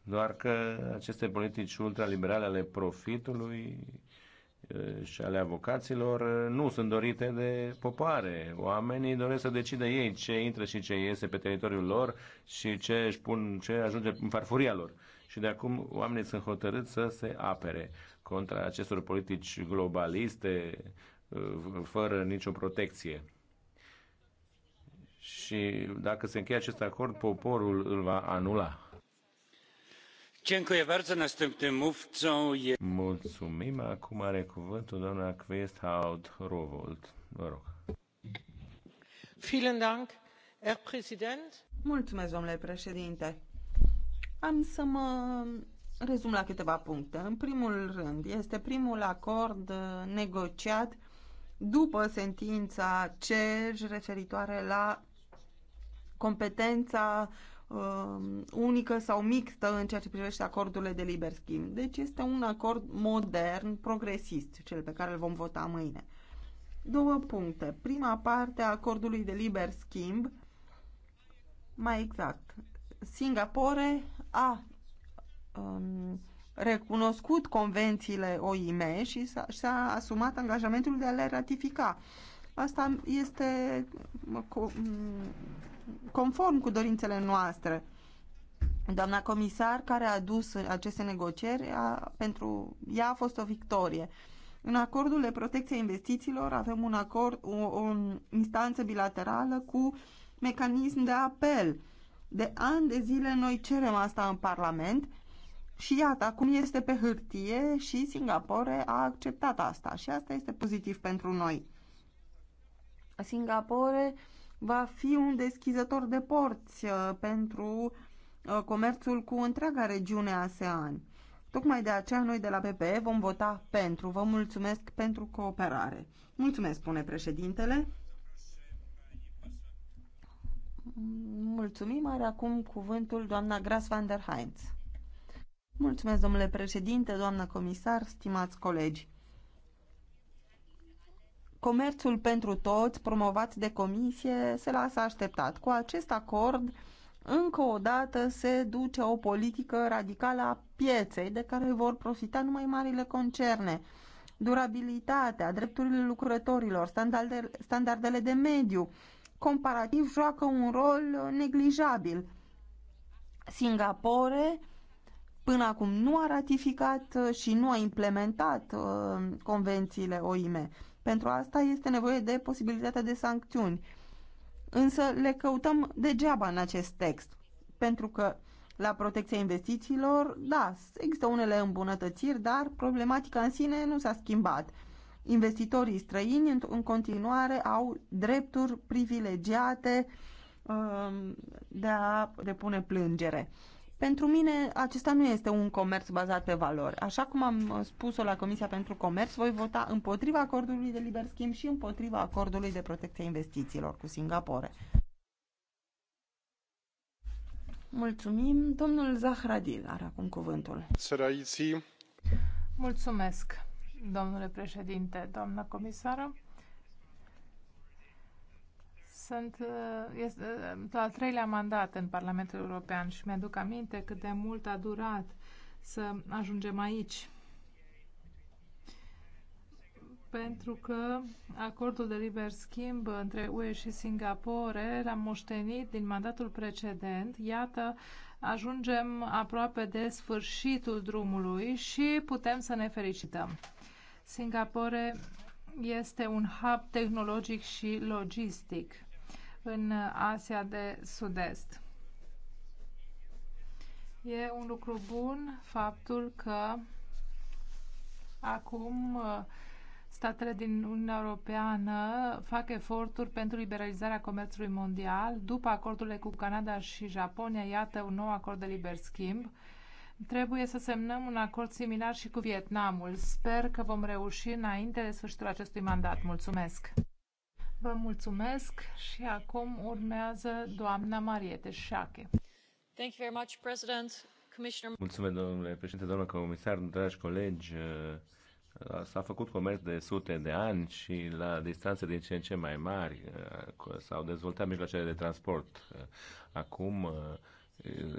Doar că aceste politici ultraliberale ale profitului Eh, și ale avocaților eh, nu sunt dorite de popoare. Oamenii doresc să decide ei ce intră și ce iese pe teritoriul lor și ce își pun, ce ajunge în farfuria lor. Și de acum oamenii sunt hotărâți să se apere contra acestor politici globaliste eh, fără nicio protecție. Și dacă se încheie acest acord, poporul îl va anula. Mulțumim. Acum are cuvântul doamna Questhout Rowold. Vă rog. Mulțumesc, domnule președinte. Am să mă rezum la câteva puncte. În primul rând, este primul acord negociat după sentința CEJ referitoare la competența uh, Um, unică sau mixtă în ceea ce privește acordurile de liber schimb. Deci este un acord modern, progresist, cel pe care îl vom vota mâine. Două puncte. Prima parte a acordului de liber schimb, mai exact, Singapore a um, recunoscut convențiile OIM și și-a asumat angajamentul de a le ratifica. Asta este um, conform cu dorințele noastre. Doamna comisar care a dus aceste negocieri, a, pentru ea a fost o victorie. În acordul de protecție a investițiilor avem un acord, o, o instanță bilaterală cu mecanism de apel. De ani de zile noi cerem asta în Parlament și iată, acum este pe hârtie și Singapore a acceptat asta și asta este pozitiv pentru noi. Singapore va fi un deschizător de porți uh, pentru uh, comerțul cu întreaga regiune ASEAN. Tocmai de aceea noi de la PPE vom vota pentru. Vă mulțumesc pentru cooperare. Mulțumesc, spune președintele. Mulțumim, are acum cuvântul doamna Gras van der Heinz. Mulțumesc, domnule președinte, doamnă comisar, stimați colegi. Comerțul pentru toți, promovat de comisie, se lasă așteptat. Cu acest acord, încă o dată se duce o politică radicală a pieței, de care vor profita numai marile concerne. Durabilitatea, drepturile lucrătorilor, standardele de mediu, comparativ joacă un rol neglijabil. Singapore până acum nu a ratificat și nu a implementat uh, convențiile OIM. Pentru asta este nevoie de posibilitatea de sancțiuni. Însă le căutăm degeaba în acest text, pentru că la protecția investițiilor, da, există unele îmbunătățiri, dar problematica în sine nu s-a schimbat. Investitorii străini în continuare au drepturi privilegiate um, de a depune plângere. Pentru mine acesta nu este un comerț bazat pe valori. Așa cum am spus-o la Comisia pentru Comerț, voi vota împotriva acordului de liber schimb și împotriva acordului de protecție a investițiilor cu Singapore. Mulțumim. Domnul Zahradil are acum cuvântul. Mulțumesc, domnule președinte, doamna comisară. Sunt uh, este uh, al treilea mandat în Parlamentul European și mi-aduc aminte cât de mult a durat să ajungem aici. Pentru că acordul de liber schimb între UE și Singapore l-am moștenit din mandatul precedent. Iată, ajungem aproape de sfârșitul drumului și putem să ne fericităm. Singapore este un hub tehnologic și logistic în Asia de Sud-Est. E un lucru bun faptul că acum uh, statele din Uniunea Europeană fac eforturi pentru liberalizarea comerțului mondial. După acordurile cu Canada și Japonia, iată un nou acord de liber schimb. Trebuie să semnăm un acord similar și cu Vietnamul. Sper că vom reuși înainte de sfârșitul acestui mandat. Mulțumesc! Vă mulțumesc și acum urmează doamna Mariete Șache. Thank you very much, President. Commissioner... Mulțumesc, domnule președinte, doamnă comisar, dragi colegi. S-a făcut comerț de sute de ani și la distanțe din ce în ce mai mari s-au dezvoltat mijloacele de transport. Acum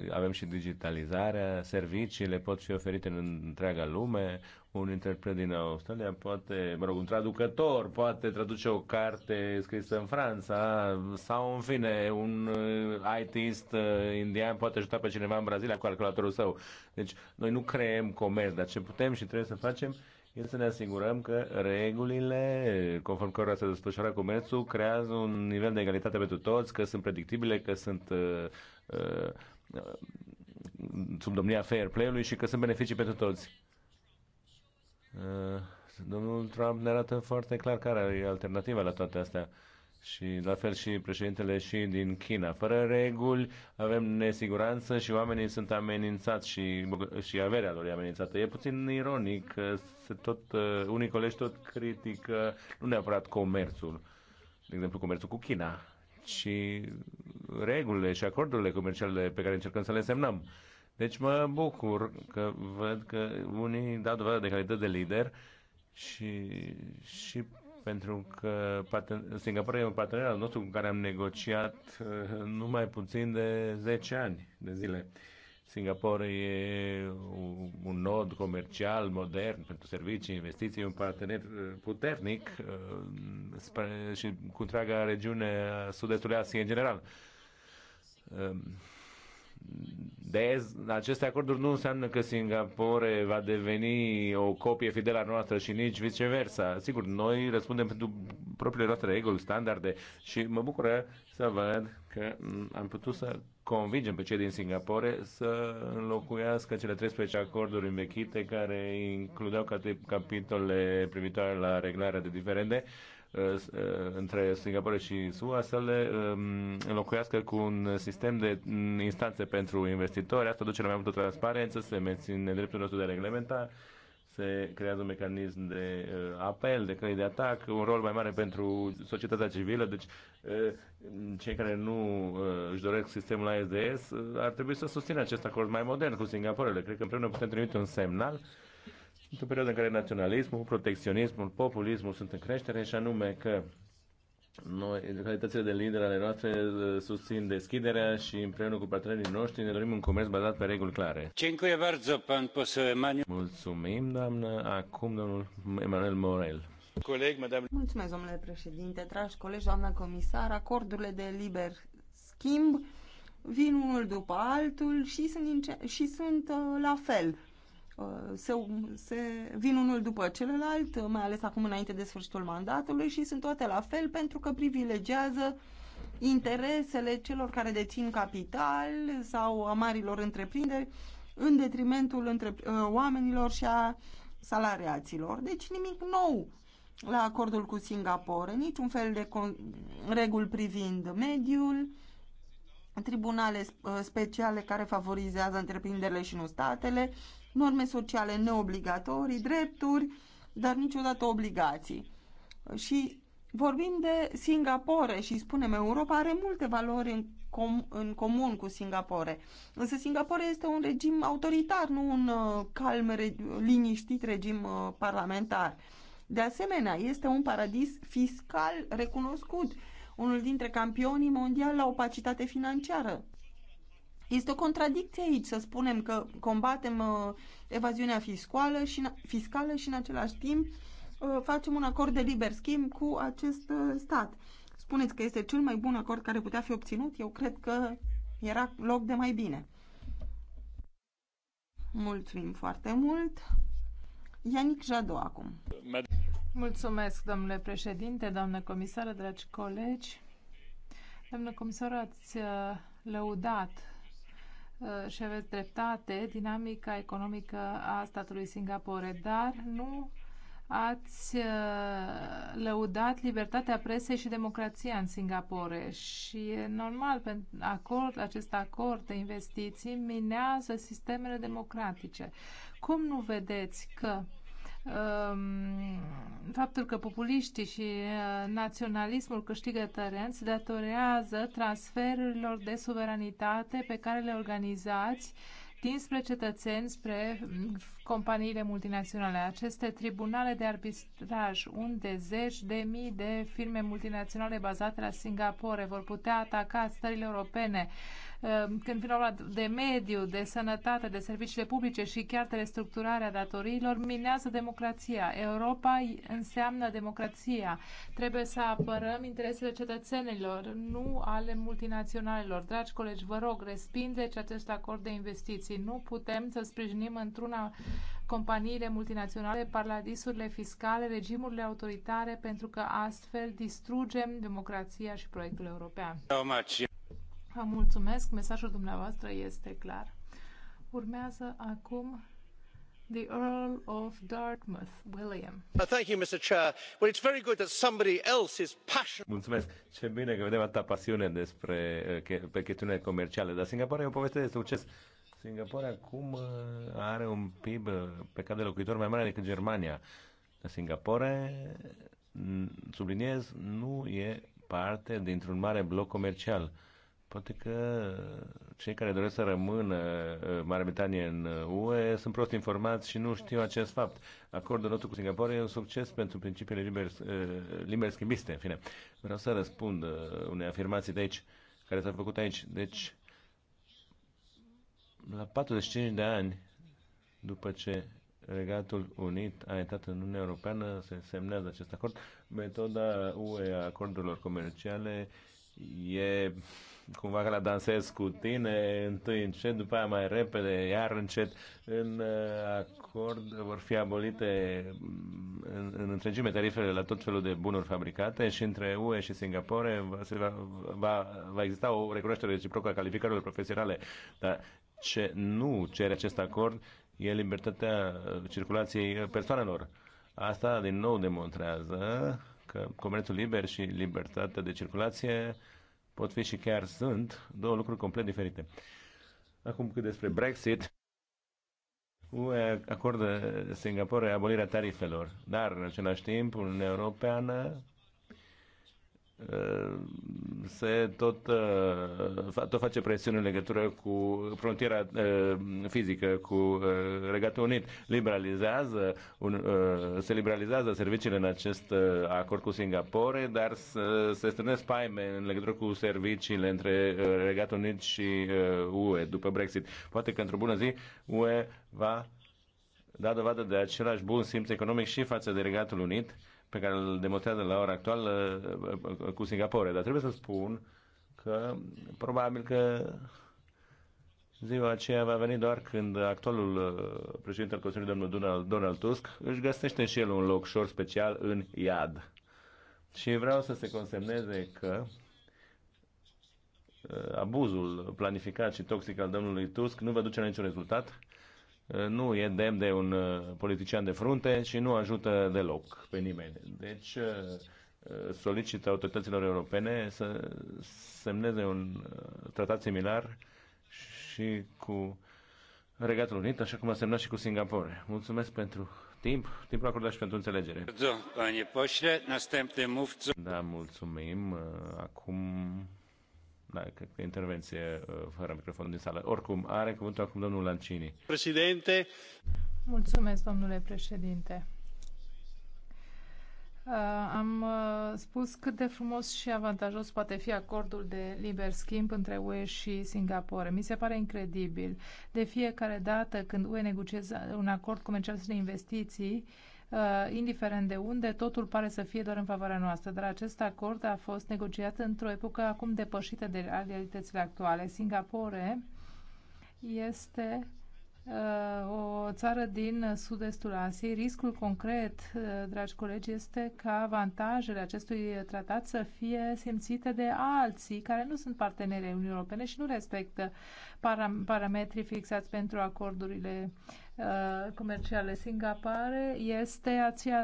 avem și digitalizarea, serviciile pot fi oferite în întreaga lume, un interpret din Australia poate, mă rog, un traducător poate traduce o carte scrisă în Franța sau, în fine, un ITist uh, uh, indian poate ajuta pe cineva în Brazilia cu calculatorul său. Deci, noi nu creăm comerț, dar ce putem și trebuie să facem este să ne asigurăm că regulile conform cărora se desfășoară comerțul creează un nivel de egalitate pentru toți, că sunt predictibile, că sunt uh, uh, Uh, sub domnia fair play-ului și că sunt beneficii pentru toți. Uh, domnul Trump ne arată foarte clar care e alternativa la toate astea. Și la fel și președintele și din China. Fără reguli avem nesiguranță și oamenii sunt amenințați și, și averea lor e amenințată. E puțin ironic că se tot, uh, unii colegi tot critică nu neapărat comerțul, de exemplu comerțul cu China, și regulile și acordurile comerciale pe care încercăm să le semnăm. Deci mă bucur că văd că unii dau dovadă de calitate de lider și, și pentru că Singapore e un partener al nostru cu care am negociat uh, numai puțin de 10 ani de zile. Singapore e un nod comercial modern pentru servicii, investiții, un partener uh, puternic uh, spre, și cu întreaga regiune a sud-estului Asiei în general. Um, de aceste acorduri nu înseamnă că Singapore va deveni o copie fidelă a noastră și nici viceversa. Sigur, noi răspundem pentru propriile noastre reguli, standarde și mă bucură să văd că am putut să convingem pe cei din Singapore să înlocuiască cele 13 acorduri învechite care includeau capitole privitoare la reglarea de diferende uh, uh, între Singapore și SUA să le um, înlocuiască cu un sistem de mm, instanțe pentru investitori. Asta duce la mai multă transparență, se menține dreptul nostru de reglementare se creează un mecanism de uh, apel, de căi de atac, un rol mai mare pentru societatea civilă. Deci, uh, cei care nu uh, își doresc sistemul ASDS uh, ar trebui să susțină acest acord mai modern cu Singaporele. Cred că împreună putem trimite un semnal într-o perioadă în care naționalismul, protecționismul, populismul sunt în creștere și anume că noi, calitățile de lider ale noastre uh, susțin deschiderea și împreună cu partenerii noștri ne dorim un comerț bazat pe reguli clare. Mulțumim, doamnă. Acum, domnul Emanuel Morel. Coleg, madame... Mulțumesc, domnule președinte, dragi colegi, doamna comisar. Acordurile de liber schimb vin unul după altul și sunt, și sunt uh, la fel Uh, se, se vin unul după celălalt, uh, mai ales acum înainte de sfârșitul mandatului și sunt toate la fel pentru că privilegiază interesele celor care dețin capital sau a marilor întreprinderi în detrimentul între, uh, oamenilor și a salariaților. Deci nimic nou la acordul cu Singapore, niciun fel de reguli privind mediul, tribunale speciale care favorizează întreprinderile și nu statele, norme sociale neobligatorii, drepturi, dar niciodată obligații. Și vorbim de Singapore și spunem Europa are multe valori în, com- în comun cu Singapore. Însă Singapore este un regim autoritar, nu un uh, calm, re- liniștit regim uh, parlamentar. De asemenea, este un paradis fiscal recunoscut, unul dintre campionii mondiali la opacitate financiară. Este o contradicție aici să spunem că combatem uh, evaziunea fiscală și, fiscală și în același timp uh, facem un acord de liber schimb cu acest uh, stat. Spuneți că este cel mai bun acord care putea fi obținut? Eu cred că era loc de mai bine. Mulțumim foarte mult. Ianic Jado acum. Mulțumesc, domnule președinte, doamnă comisară, dragi colegi. Doamnă comisară, ați uh, lăudat Uh, și aveți dreptate, dinamica economică a statului Singapore, dar nu ați uh, lăudat libertatea presei și democrația în Singapore și e normal, pentru acord, acest acord de investiții minează sistemele democratice. Cum nu vedeți că Um, faptul că populiștii și uh, naționalismul câștigă teren se datorează transferurilor de suveranitate pe care le organizați dinspre cetățeni spre mm, companiile multinaționale. Aceste tribunale de arbitraj, unde zeci de mii de firme multinaționale bazate la Singapore vor putea ataca stările europene Ehm, când vine vorba de mediu, de sănătate, de serviciile publice și chiar de restructurarea datoriilor, minează democrația. Europa înseamnă democrația. Trebuie să apărăm interesele cetățenilor, nu ale multinaționalelor. Dragi colegi, vă rog, respingeți acest acord de investiții. Nu putem să sprijinim într-una companiile multinaționale, paradisurile fiscale, regimurile autoritare, pentru că astfel distrugem democrația și proiectul european. Vă mulțumesc, mesajul dumneavoastră este clar. Urmează acum the Earl of Dartmouth, William. Uh, thank you, Mr. Chair. Well, it's very good that somebody else is passionate. Mulțumesc. Ce bine că vedem atâta pasiune despre uh, pe chestiunile comerciale, dar Singapore e o poveste de succes. Singapore acum uh, are un PIB pe cap de locuitor mai mare decât Germania. Singapore, mm, subliniez, nu e parte dintr-un mare bloc comercial Poate că cei care doresc să rămână uh, Marea Britanie în UE uh, sunt prost informați și nu știu acest fapt. Acordul nostru cu Singapore e un succes pentru principiile liber, uh, liber schimbiste. În fine, vreau să răspund unei afirmații de aici, care s-a făcut aici. Deci, la 45 de ani după ce Regatul Unit a intrat în Uniunea Europeană, se semnează acest acord. Metoda UE a acordurilor comerciale e cumva că la dansez cu tine, întâi încet, după aia mai repede, iar încet. În uh, acord vor fi abolite mm, în, în întregime tarifele la tot felul de bunuri fabricate și între UE și Singapore va, se va, va, va exista o recunoaștere reciprocă a calificărilor profesionale. Dar ce nu cere acest acord e libertatea circulației persoanelor. Asta din nou demonstrează că comerțul liber și libertatea de circulație pot fi și chiar sunt două lucruri complet diferite. Acum cât despre Brexit, UE acordă Singapore abolirea tarifelor, dar în același timp Uniunea Europeană Eh, se tot, eh, tot face presiune în legătură cu frontiera eh, fizică cu Regatul Unit. Liberalizează, se liberalizează serviciile în acest acord cu Singapore, dar se strânesc paime în legătură cu serviciile între Regatul Unit și UE după Brexit. Poate că într-o bună zi UE va da dovadă de același bun simț economic și față de Regatul Unit pe care îl demonstrează la ora actuală uh, cu Singapore. Dar trebuie să spun că probabil că ziua aceea va veni doar când actualul uh, președinte al Consiliului, domnul Donald, Donald Tusk, își găsește și el un loc șor special în iad. Și vreau să se consemneze că uh, abuzul planificat și toxic al domnului Tusk nu va duce la niciun rezultat Uh, nu e demn de un uh, politician de frunte și nu ajută deloc pe nimeni. Deci uh, solicită autorităților europene să semneze un tratat similar și cu Regatul Unit, așa cum a semnat și cu Singapore. Mulțumesc pentru timp, timpul acordat și pentru înțelegere. Da, mulțumim. Acum da, cred că intervenție uh, fără microfon din sală. Oricum, are cuvântul acum domnul Lancini. Președinte. Mulțumesc, domnule președinte. Uh, am uh, spus cât de frumos și avantajos poate fi acordul de liber schimb între UE și Singapore. Mi se pare incredibil. De fiecare dată când UE negociază un acord comercial de investiții, uh, Uh, indiferent de unde, totul pare să fie doar în favoarea noastră, dar acest acord a fost negociat într-o epocă acum depășită de realitățile actuale. Singapore este uh, o țară din sud-estul Asiei. Riscul concret, uh, dragi colegi, este ca avantajele acestui tratat să fie simțite de alții care nu sunt parteneri ai Uniunii Europene și nu respectă param parametrii fixați pentru acordurile Uh, comerciale. Singapore este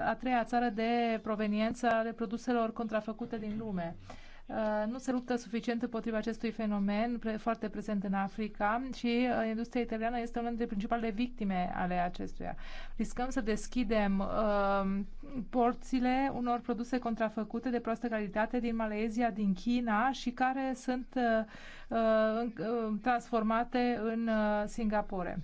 a treia țară de proveniență ale produselor contrafăcute din lume uh, nu se luptă suficient împotriva acestui fenomen pre, foarte prezent în Africa și uh, industria italiană este una dintre principalele victime ale acestuia. Riscăm să deschidem uh, porțile unor produse contrafăcute de proastă calitate din Malezia, din China și care sunt uh, uh, transformate în uh, Singapore.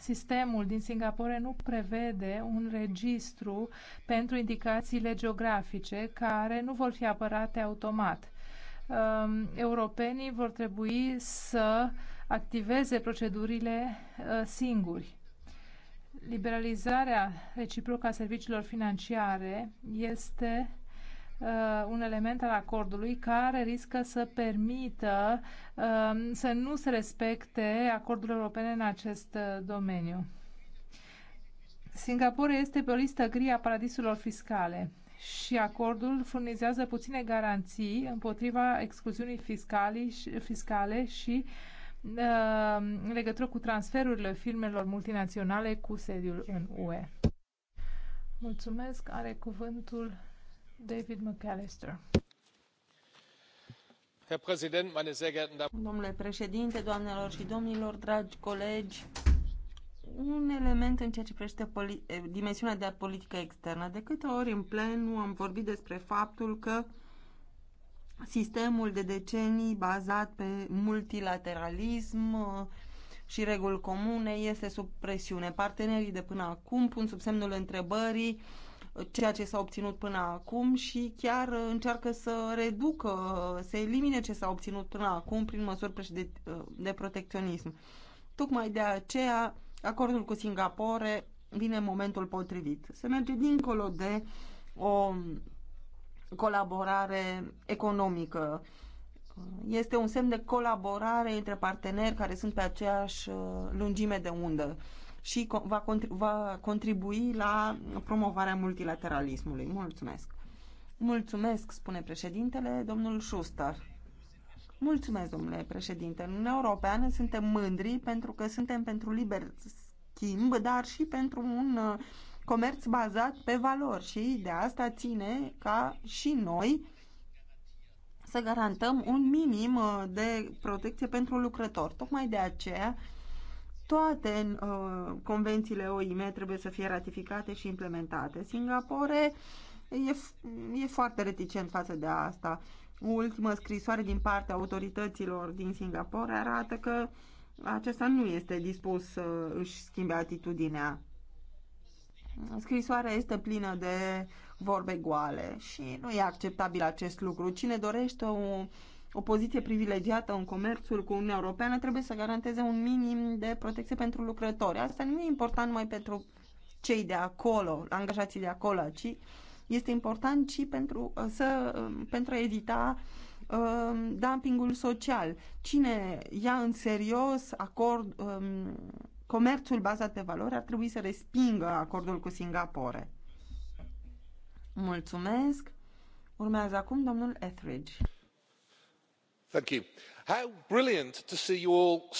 Sistemul din Singapore nu prevede un registru pentru indicațiile geografice care nu vor fi apărate automat. Um, europenii vor trebui să activeze procedurile uh, singuri. Liberalizarea reciprocă a serviciilor financiare este Uh, un element al acordului care riscă să permită um, să nu se respecte acordurile europene în acest uh, domeniu. Singapore este pe o listă gri a paradisurilor fiscale și acordul furnizează puține garanții împotriva excluziunii fiscale și uh, în legătură cu transferurile firmelor multinaționale cu sediul în UE. Mulțumesc. Are cuvântul Domnule președinte, doamnelor și domnilor, dragi colegi, un element în ceea ce privește eh, dimensiunea de politică externă. De câte ori în plen am vorbit despre faptul că sistemul de decenii bazat pe multilateralism eh, și reguli comune este sub presiune. Partenerii de până acum pun sub semnul întrebării ceea ce s-a obținut până acum și chiar încearcă să reducă, să elimine ce s-a obținut până acum prin măsuri de, protecționism. Tocmai de aceea, acordul cu Singapore vine în momentul potrivit. Se merge dincolo de o colaborare economică. Este un semn de colaborare între parteneri care sunt pe aceeași lungime de undă și va, va contribui la promovarea multilateralismului. Mulțumesc! Mulțumesc, spune președintele, domnul Schuster. Mulțumesc, domnule președinte. În Uniunea Europeană suntem mândri pentru că suntem pentru liber schimb, dar și pentru un uh, comerț bazat pe valori și de asta ține ca și noi să garantăm un minim uh, de protecție pentru lucrători. Tocmai de aceea toate uh, convențiile OIM trebuie să fie ratificate și implementate. Singapore e, e foarte reticent față de asta. Ultima scrisoare din partea autorităților din Singapore arată că acesta nu este dispus să își schimbe atitudinea. Scrisoarea este plină de vorbe goale și nu e acceptabil acest lucru. Cine dorește un o poziție privilegiată în comerțul cu Uniunea Europeană trebuie să garanteze un minim de protecție pentru lucrători. Asta nu e important numai pentru cei de acolo, angajații de acolo, ci este important și pentru, uh, să, um, pentru a evita um, dumpingul social. Cine ia în serios acord, um, comerțul bazat pe valori ar trebui să respingă acordul cu Singapore. Mulțumesc! Urmează acum domnul Etheridge.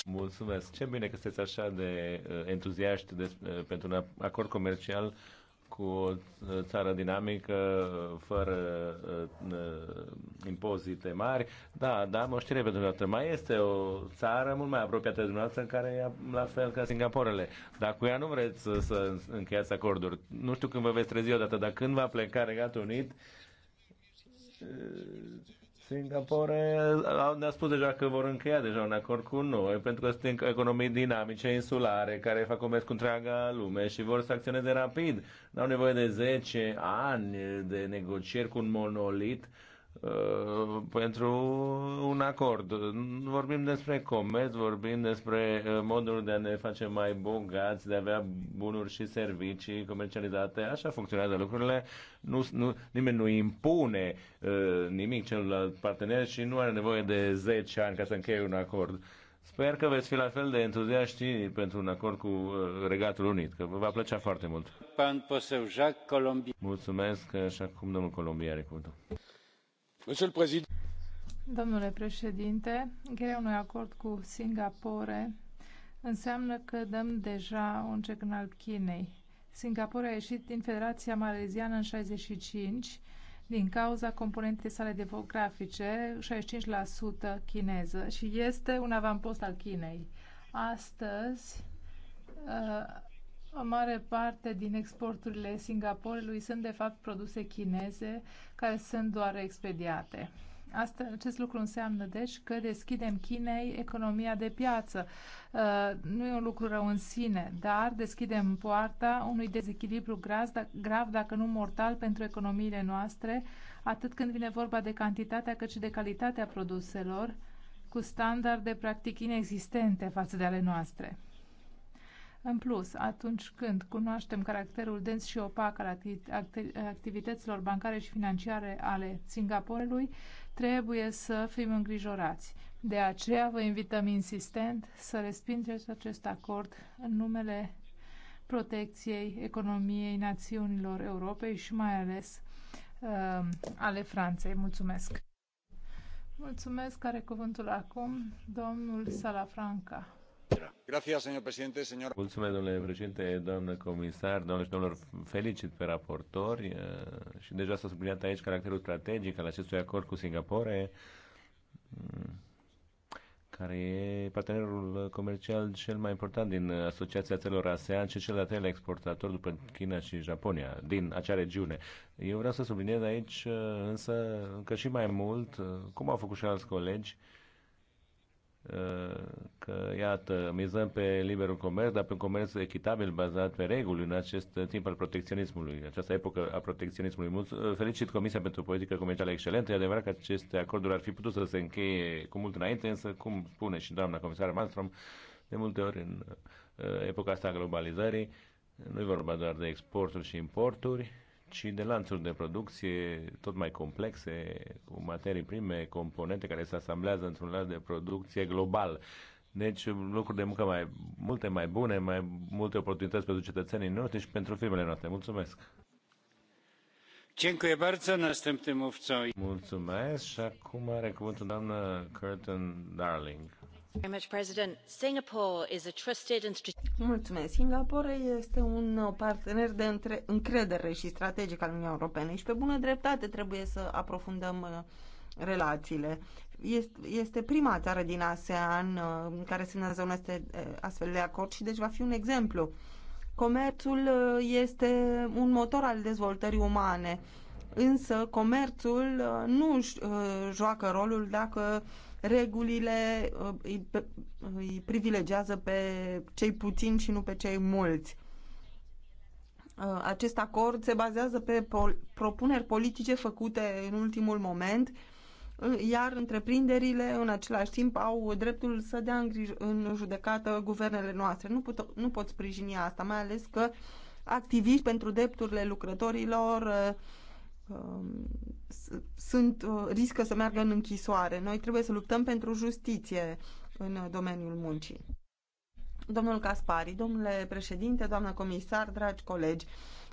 Mulțumesc. Ce bine că sunteți așa de uh, entuziaști de, uh, pentru un acord comercial cu o uh, țară dinamică, fără impozite mari. Da, da, moștire pentru dumneavoastră. Mai este o țară mult mai apropiată de dumneavoastră, în care e la fel ca Singaporele. Dar cu ea nu vreți să, să încheiați acorduri. Nu știu când vă veți trezi odată, dar când va pleca Regatul Unit, Singapore ne-a spus deja că vor încheia deja un acord cu noi, pentru că sunt economii dinamice, insulare, care fac comerț cu întreaga lume și vor să acționeze rapid. N-au nevoie de 10 ani de negocieri cu un monolit Uh, pentru un acord. Vorbim despre comerț, vorbim despre uh, modul de a ne face mai bogați, de a avea bunuri și servicii comercializate. Așa funcționează lucrurile. Nu, nu, nimeni nu impune uh, nimic celălalt partener și nu are nevoie de 10 ani ca să încheie un acord. Sper că veți fi la fel de entuziaști pentru un acord cu uh, Regatul Unit, că vă va plăcea foarte mult. Pan Poseu Jacques, Colombia. Mulțumesc și acum domnul Colombia are cuvântul. Domnule președinte, încheierea unui acord cu Singapore înseamnă că dăm deja un cec în alb Chinei. Singapore a ieșit din Federația Maleziană în 65 din cauza componentei sale demografice, 65% chineză, și este un avampost al Chinei. Astăzi, uh, o mare parte din exporturile Singaporelui sunt de fapt produse chineze care sunt doar expediate. Asta, acest lucru înseamnă, deci, că deschidem Chinei economia de piață. Uh, nu e un lucru rău în sine, dar deschidem poarta unui dezechilibru gras, da, grav, dacă nu mortal, pentru economiile noastre, atât când vine vorba de cantitatea, cât și de calitatea produselor, cu standarde practic inexistente față de ale noastre. În plus, atunci când cunoaștem caracterul dens și opac al activităților bancare și financiare ale Singaporelui, trebuie să fim îngrijorați. De aceea vă invităm insistent să respingeți acest acord în numele protecției economiei națiunilor Europei și mai ales uh, ale Franței. Mulțumesc! Mulțumesc, are cuvântul acum domnul Salafranca. Mulțumesc, domnule președinte, doamnă comisar, doamnelor și domnilor, felicit pe raportori eh, și deja s-a subliniat aici caracterul strategic al acestui acord cu Singapore, mm, care e partenerul comercial cel mai important din Asociația Țărilor ASEAN și cel de-al treilea exportator după China și Japonia, din acea regiune. Eu vreau să subliniez aici eh, însă încă și mai mult, eh, cum au făcut și alți colegi, că, iată, mizăm pe liberul comerț, dar pe un comerț echitabil, bazat pe reguli în acest timp al protecționismului, în această epocă a protecționismului. mult felicit Comisia pentru Politică Comercială Excelentă. E adevărat că aceste acorduri ar fi putut să se încheie cu mult înainte, însă, cum spune și doamna comisară Malmström, de multe ori în uh, epoca asta a globalizării, nu e vorba doar de exporturi și importuri, ci de lanțuri de producție tot mai complexe, cu materii prime, componente care se asamblează într-un lanț de producție global. Deci lucruri de muncă mai multe, mai bune, mai multe oportunități pentru cetățenii noștri și pentru firmele noastre. Mulțumesc! Mulțumesc și acum are cuvântul doamna Curtin Darling președintă Singapore este un uh, partener de încredere și strategic al Uniunii Europene și pe bună dreptate trebuie să aprofundăm uh, relațiile. Este, este prima țară din ASEAN uh, care semnează un astfel de acord și deci va fi un exemplu. Comerțul este un motor al dezvoltării umane, însă comerțul nu joacă rolul dacă uh, regulile uh, îi, îi privilegiază pe cei puțini și nu pe cei mulți. Uh, acest acord se bazează pe propuneri politice făcute în ultimul moment, uh, iar întreprinderile în același timp au dreptul să dea în judecată guvernele noastre. Nu pot, nu pot sprijini asta, mai ales că activiști pentru drepturile lucrătorilor uh, Um, sunt, uh, riscă să meargă în închisoare. Noi trebuie să luptăm pentru justiție în uh, domeniul muncii. Domnul Caspari, domnule președinte, doamnă comisar, dragi colegi,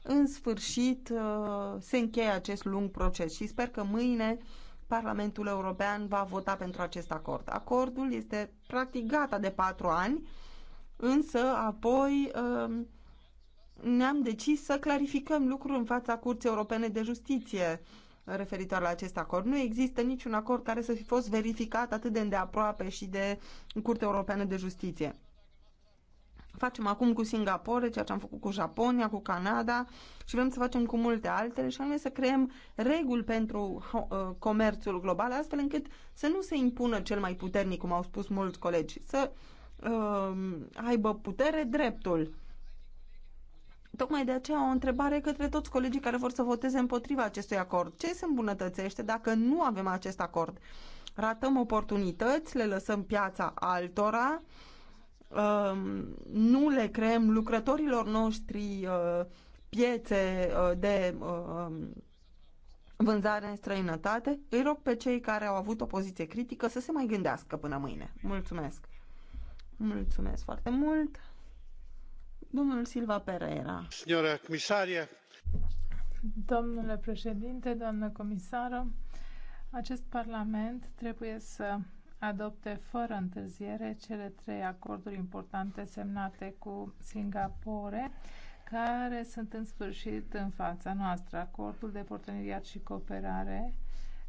în sfârșit uh, se încheie acest lung proces și sper că mâine Parlamentul European va vota pentru acest acord. Acordul este practic gata de patru ani, însă apoi um, ne-am decis să clarificăm lucruri în fața Curții Europene de Justiție referitor la acest acord. Nu există niciun acord care să fi fost verificat atât de îndeaproape și de Curtea Europeană de Justiție. Facem acum cu Singapore ceea ce am făcut cu Japonia, cu Canada și vrem să facem cu multe altele și anume să creăm reguli pentru uh, comerțul global astfel încât să nu se impună cel mai puternic, cum au spus mulți colegi, să uh, aibă putere dreptul Tocmai de aceea o întrebare către toți colegii care vor să voteze împotriva acestui acord. Ce se îmbunătățește dacă nu avem acest acord? Ratăm oportunități, le lăsăm piața altora, um, nu le creăm lucrătorilor noștri uh, piețe uh, de um, vânzare în străinătate. Îi rog pe cei care au avut o poziție critică să se mai gândească până mâine. Mulțumesc! Mulțumesc foarte mult! Domnule președinte, doamnă comisar, acest parlament trebuie să adopte fără întârziere cele trei acorduri importante semnate cu Singapore, care sunt în sfârșit în fața noastră. Acordul de parteneriat și cooperare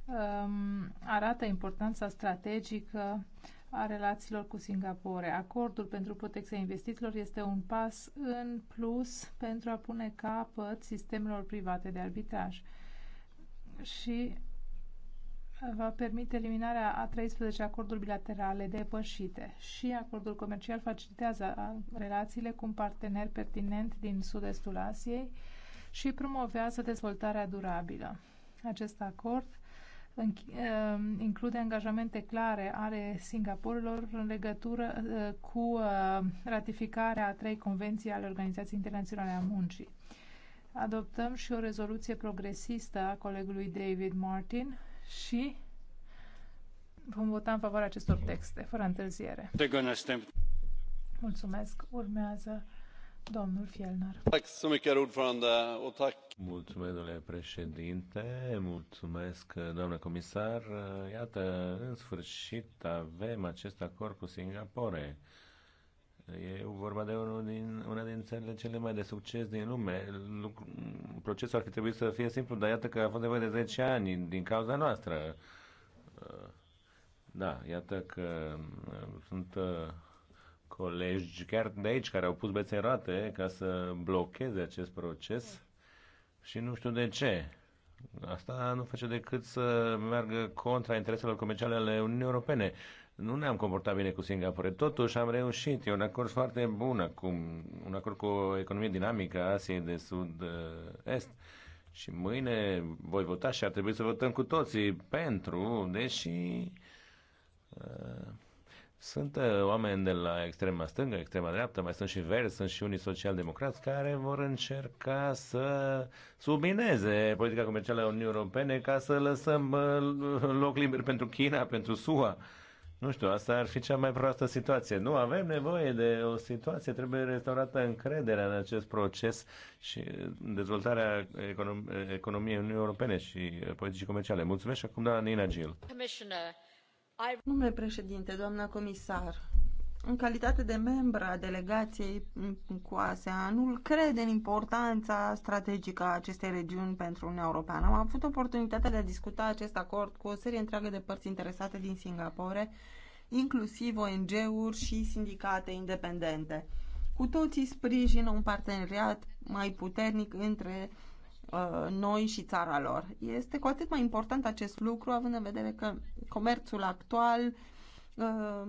um, arată importanța strategică a relațiilor cu Singapore. Acordul pentru protecția investițiilor este un pas în plus pentru a pune capăt sistemelor private de arbitraj și va permite eliminarea a 13 acorduri bilaterale depășite și acordul comercial facilitează relațiile cu un partener pertinent din sud-estul Asiei și promovează dezvoltarea durabilă. Acest acord Ehm, include angajamente clare ale Singaporelor în legătură eh, cu eh, ratificarea a trei convenții ale Organizației Internaționale a Muncii. Adoptăm și o rezoluție progresistă a colegului David Martin și vom vota în favoarea acestor texte, fără întârziere. Mulțumesc. Urmează Domnul Mulțumesc, domnule președinte, mulțumesc, doamnă comisar. Iată, în sfârșit avem acest acord cu Singapore. E vorba de unul din, una din țările cele mai de succes din lume. procesul ar fi trebuit să fie simplu, dar iată că a fost nevoie de 10 ani din cauza noastră. Da, iată că uh, sunt uh, colegi chiar de aici care au pus bețe în ca să blocheze acest proces și nu știu de ce. Asta nu face decât să meargă contra intereselor comerciale ale Uniunii Europene. Nu ne-am comportat bine cu Singapore, totuși am reușit. E un acord foarte bun acum, un acord cu o economie dinamică a Asiei de Sud-Est. Și mâine voi vota și ar trebui să votăm cu toții pentru, deși... Uh, sunt uh, oameni de la extrema stângă, extrema dreaptă, mai sunt și verzi, sunt și unii social care vor încerca să submineze politica comercială a Uniunii Europene ca să lăsăm uh, loc liber pentru China, pentru SUA. Nu știu, asta ar fi cea mai proastă situație. Nu avem nevoie de o situație, trebuie restaurată încrederea în acest proces și dezvoltarea econom- economiei Uniunii Europene și uh, politicii comerciale. Mulțumesc și acum doamna Nina Gil. Commissioner. Domnule președinte, doamna comisar, în calitate de membră a delegației cu ASEANul, cred în importanța strategică a acestei regiuni pentru Uniunea Europeană. Am avut oportunitatea de a discuta acest acord cu o serie întreagă de părți interesate din Singapore, inclusiv ONG-uri și sindicate independente. Cu toții sprijină un parteneriat mai puternic între Uh, noi și țara lor. Este cu atât mai important acest lucru, având în vedere că comerțul actual uh,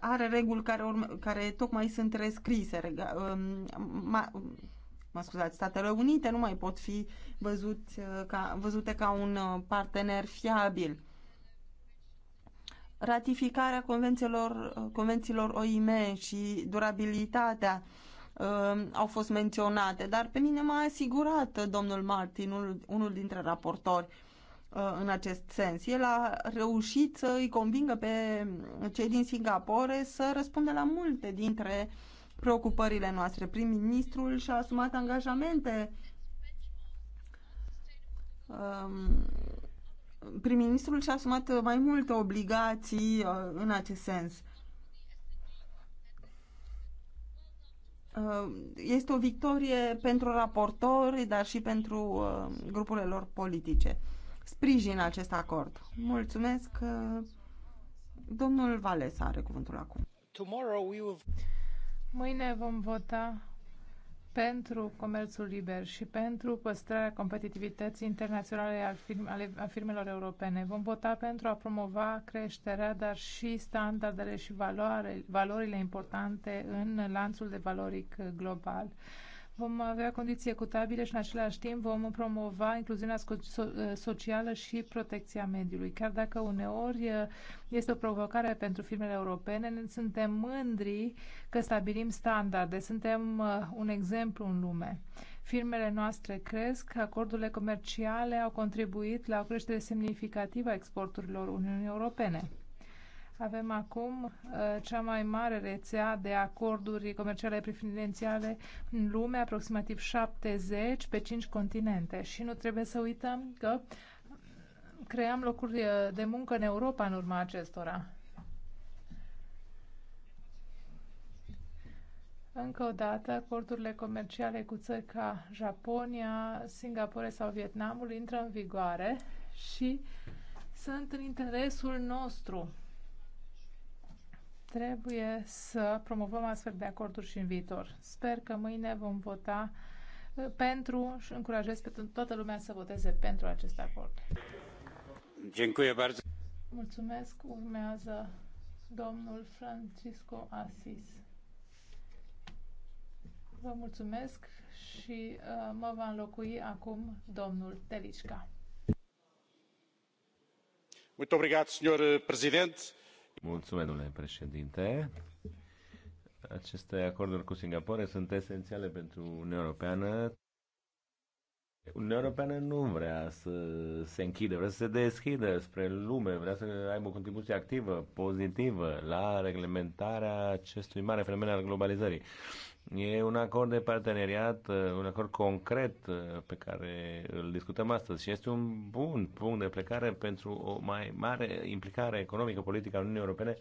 are reguli care, urme, care tocmai sunt rescrise. Uh, ma, mă scuzați, Statele Unite nu mai pot fi văzut, uh, ca, văzute ca un uh, partener fiabil. Ratificarea convențiilor, uh, convențiilor OIM și durabilitatea uh, Um, au fost menționate, dar pe mine m-a asigurat domnul Martin, unul, unul dintre raportori, uh, în acest sens. El a reușit să îi convingă pe cei din Singapore să răspundă la multe dintre preocupările noastre. Prim-ministrul și-a asumat angajamente um, prim-ministrul și-a asumat mai multe obligații uh, în acest sens. Uh, este o victorie pentru raportori, dar și pentru uh, grupurile lor politice. Sprijin acest acord. Mulțumesc. Uh, domnul Vales are cuvântul acum. Mâine vom vota pentru comerțul liber și pentru păstrarea competitivității internaționale al firme, ale, a firmelor europene. Vom vota pentru a promova creșterea, dar și standardele și valoare, valorile importante în lanțul de valoric global vom avea condiții ecutabile și în același timp vom promova incluziunea eh, socială și protecția mediului. Chiar dacă uneori eh, este o provocare pentru firmele europene, ne suntem mândri că stabilim standarde, suntem eh, un exemplu în lume. Firmele noastre cresc, acordurile comerciale au contribuit la o creștere semnificativă a exporturilor Uniunii Europene. Avem acum uh, cea mai mare rețea de acorduri comerciale preferențiale în lume, aproximativ 70 pe 5 continente. Și nu trebuie să uităm că creăm locuri uh, de muncă în Europa în urma acestora. Încă o dată, acordurile comerciale cu țări ca Japonia, Singapore sau Vietnamul intră în vigoare și sunt în interesul nostru Trebuie să promovăm astfel de acorduri și în viitor. Sper că mâine vom vota uh, pentru și încurajez pe toată lumea să voteze pentru acest acord. Mulțumesc. Urmează domnul Francisco Asis. Vă mulțumesc și uh, mă va înlocui acum domnul Telișca. Mulțumesc, domnule președinte. Mulțumesc, domnule președinte. Aceste acorduri cu Singapore sunt esențiale pentru Uniunea Europeană, Uniunea Europeană nu vrea să se închidă, vrea să se deschidă spre lume, vrea să aibă o contribuție activă, pozitivă la reglementarea acestui mare fenomen al globalizării. E un acord de parteneriat, un acord concret pe care îl discutăm astăzi și este un bun punct de plecare pentru o mai mare implicare economică, politică a Uniunii Europene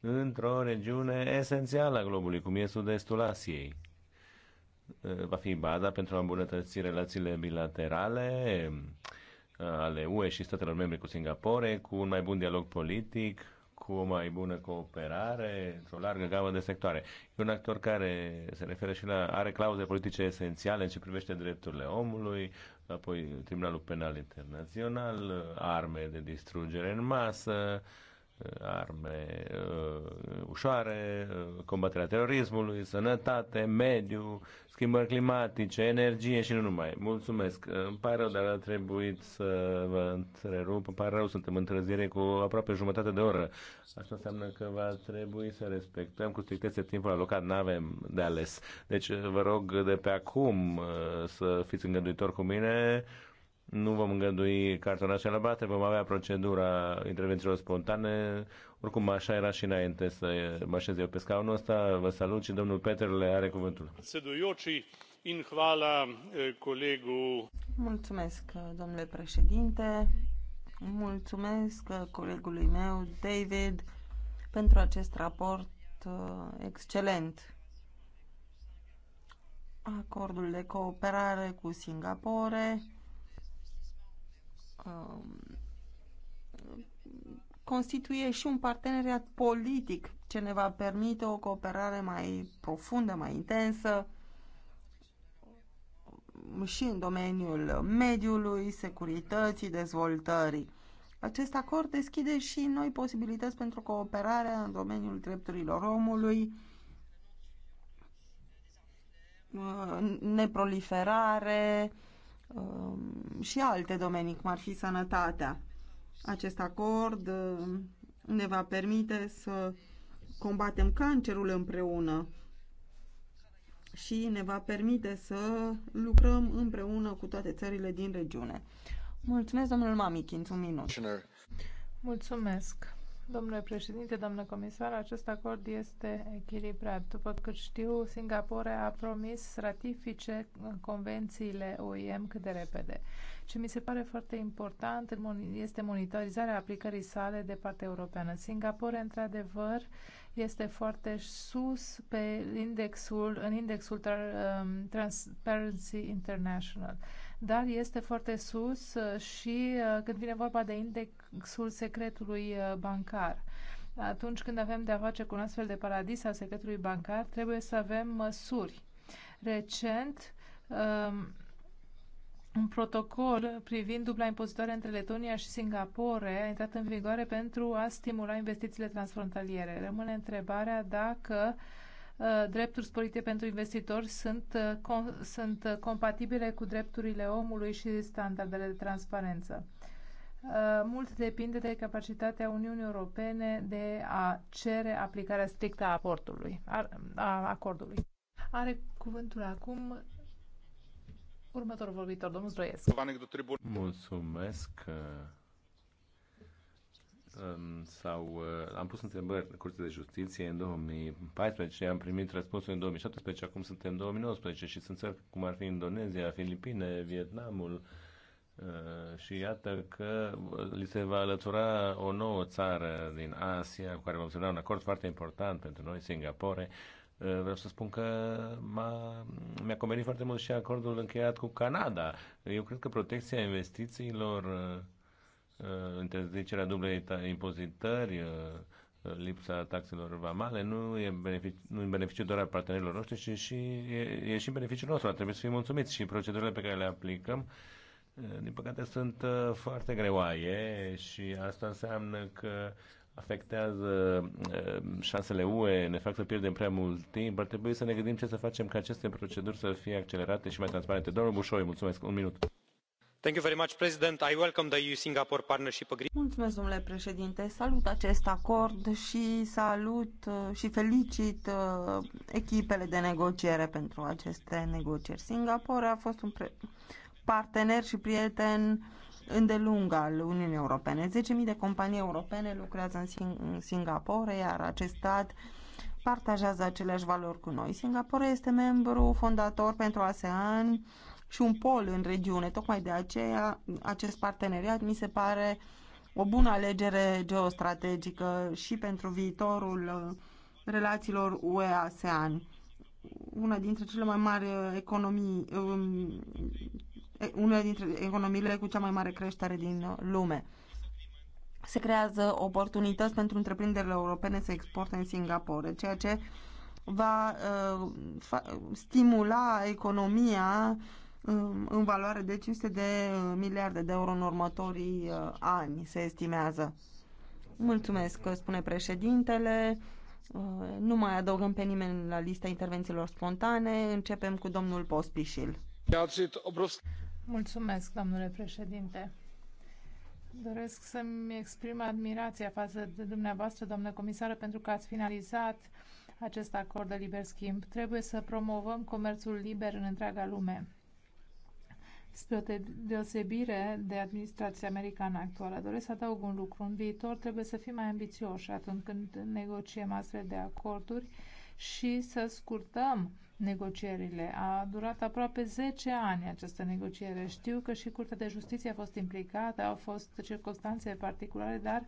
într-o regiune esențială a globului, cum e sud-estul Asiei. Eh, va fi baza pentru a îmbunătăți relațiile bilaterale eh, ale UE și statelor membre cu Singapore, cu un mai bun dialog politic, cu o mai bună cooperare într-o largă gamă de sectoare. E un actor care se referă și la, are clauze politice esențiale în ce privește drepturile omului, apoi Tribunalul Penal Internațional, arme de distrugere în masă, uh, arme uh, ușoare, uh, combaterea terorismului, sănătate, mediu, schimbări climatice, energie și nu numai. Mulțumesc. Îmi pare rău, dar a trebuit să vă întrerup. Îmi pare rău, suntem întârziere cu aproape jumătate de oră. Asta înseamnă că va trebui să respectăm cu strictețe timpul alocat. n avem de ales. Deci vă rog de pe acum uh, să fiți îngăduitori cu mine nu vom îngădui cartonașe la bate, vom avea procedura intervențiilor spontane. Oricum, așa era și înainte să mă așez eu pe scaunul ăsta. Vă salut și domnul Petrele are cuvântul. colegu. Mulțumesc, domnule președinte. Mulțumesc colegului meu, David, pentru acest raport excelent. Acordul de cooperare cu Singapore, Um, constituie și un parteneriat politic ce ne va permite o cooperare mai profundă, mai intensă și în domeniul mediului, securității, dezvoltării. Acest acord deschide și noi posibilități pentru cooperare în domeniul drepturilor omului, uh, neproliferare, Um, și alte domenii, cum ar fi sănătatea. Acest acord um, ne va permite să combatem cancerul împreună și ne va permite să lucrăm împreună cu toate țările din regiune. Mulțumesc, domnul Mamichin, un minut. Mulțumesc. Domnule președinte, doamnă comisar, acest acord este echilibrat. După cât știu, Singapore a promis să ratifice uh, convențiile OIM cât de repede. Ce mi se pare foarte important este monitorizarea aplicării sale de partea europeană. Singapore, într-adevăr, este foarte sus pe indexul, în indexul um, Transparency International. Uh, dar este foarte sus uh, și uh, când vine vorba de indexul secretului uh, bancar. Atunci când avem de a face cu un astfel de paradis al secretului bancar, trebuie să avem măsuri. Recent, um, un protocol privind dubla impozitare între Letonia și Singapore a intrat în vigoare pentru a stimula investițiile transfrontaliere. Rămâne întrebarea dacă uh, Uh, drepturi sporite pentru investitori sunt, uh, com, sunt uh, compatibile cu drepturile omului și standardele de transparență. Mult depinde de capacitatea Uniunii Europene de a cere aplicarea strictă a, aportului, a, a acordului. Are cuvântul acum următorul vorbitor, domnul Zroiescu. Mulțumesc, Um, sau uh, am pus întrebări la Curtea de Justiție în 2014, am primit răspunsul în 2017, acum suntem în 2019 și sunt țări cum ar fi Indonezia, Filipine, Vietnamul uh, și iată că li se va alătura o nouă țară din Asia cu care vom semna un acord foarte important pentru noi, Singapore. Uh, vreau să spun că m-a, mi-a convenit foarte mult și acordul încheiat cu Canada. Eu cred că protecția investițiilor interzicerea uh, dublei impozitări, uh, uh, lipsa taxelor vamale, nu e, benefic, nu e beneficiu doar al partenerilor noștri, ci și, e, e și beneficiul nostru. Ar trebui să fim mulțumiți și procedurile pe care le aplicăm, din păcate, sunt foarte greoaie și asta înseamnă că afectează șansele UE, ne fac să pierdem prea mult timp. Ar trebui să ne gândim ce să facem ca aceste proceduri să fie accelerate și mai transparente. Domnul Bușoi, mulțumesc. Un minut domnule președinte. Salut acest acord și salut uh, și felicit uh, echipele de negociere pentru aceste negocieri. Singapore a fost un partener și prieten îndelung al Uniunii Europene. 10.000 de companii europene lucrează în, Sing în Singapore, iar acest stat partajează aceleași valori cu noi. Singapore este membru fondator pentru ASEAN și un pol în regiune. Tocmai de aceea acest parteneriat mi se pare o bună alegere geostrategică și pentru viitorul uh, relațiilor UE-ASEAN. Una dintre cele mai mari uh, economii, um, una dintre economiile cu cea mai mare creștere din uh, lume. Se creează oportunități pentru întreprinderile europene să exporte în Singapore, ceea ce va uh, stimula economia uh, Um, în valoare de 500 de uh, miliarde de euro în următorii uh, ani, se estimează. Mulțumesc, uh, spune președintele. Nu mai adăugăm pe nimeni la lista intervențiilor spontane. Începem cu domnul Pospișil. Mulțumesc, domnule președinte. Doresc să-mi exprim admirația față de dumneavoastră, domnule Comisar, pentru că ați finalizat acest acord de liber schimb. Trebuie să promovăm comerțul liber în întreaga lume spre o deosebire de administrația americană actuală. Doresc să adaug un lucru. În viitor trebuie să fim mai ambițioși atunci când negociem astfel de acorduri și să scurtăm negocierile. A durat aproape 10 ani această negociere. Știu că și Curtea de Justiție a fost implicată, au fost circunstanțe particulare, dar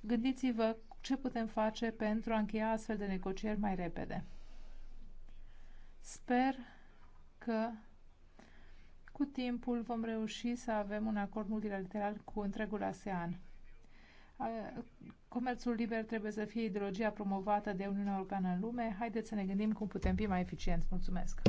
gândiți-vă ce putem face pentru a încheia astfel de negocieri mai repede. Sper că cu timpul vom reuși să avem un acord multilateral cu întregul ASEAN. Comerțul liber trebuie să fie ideologia promovată de Uniunea Europeană în lume. Haideți să ne gândim cum putem fi mai eficienți. Mulțumesc!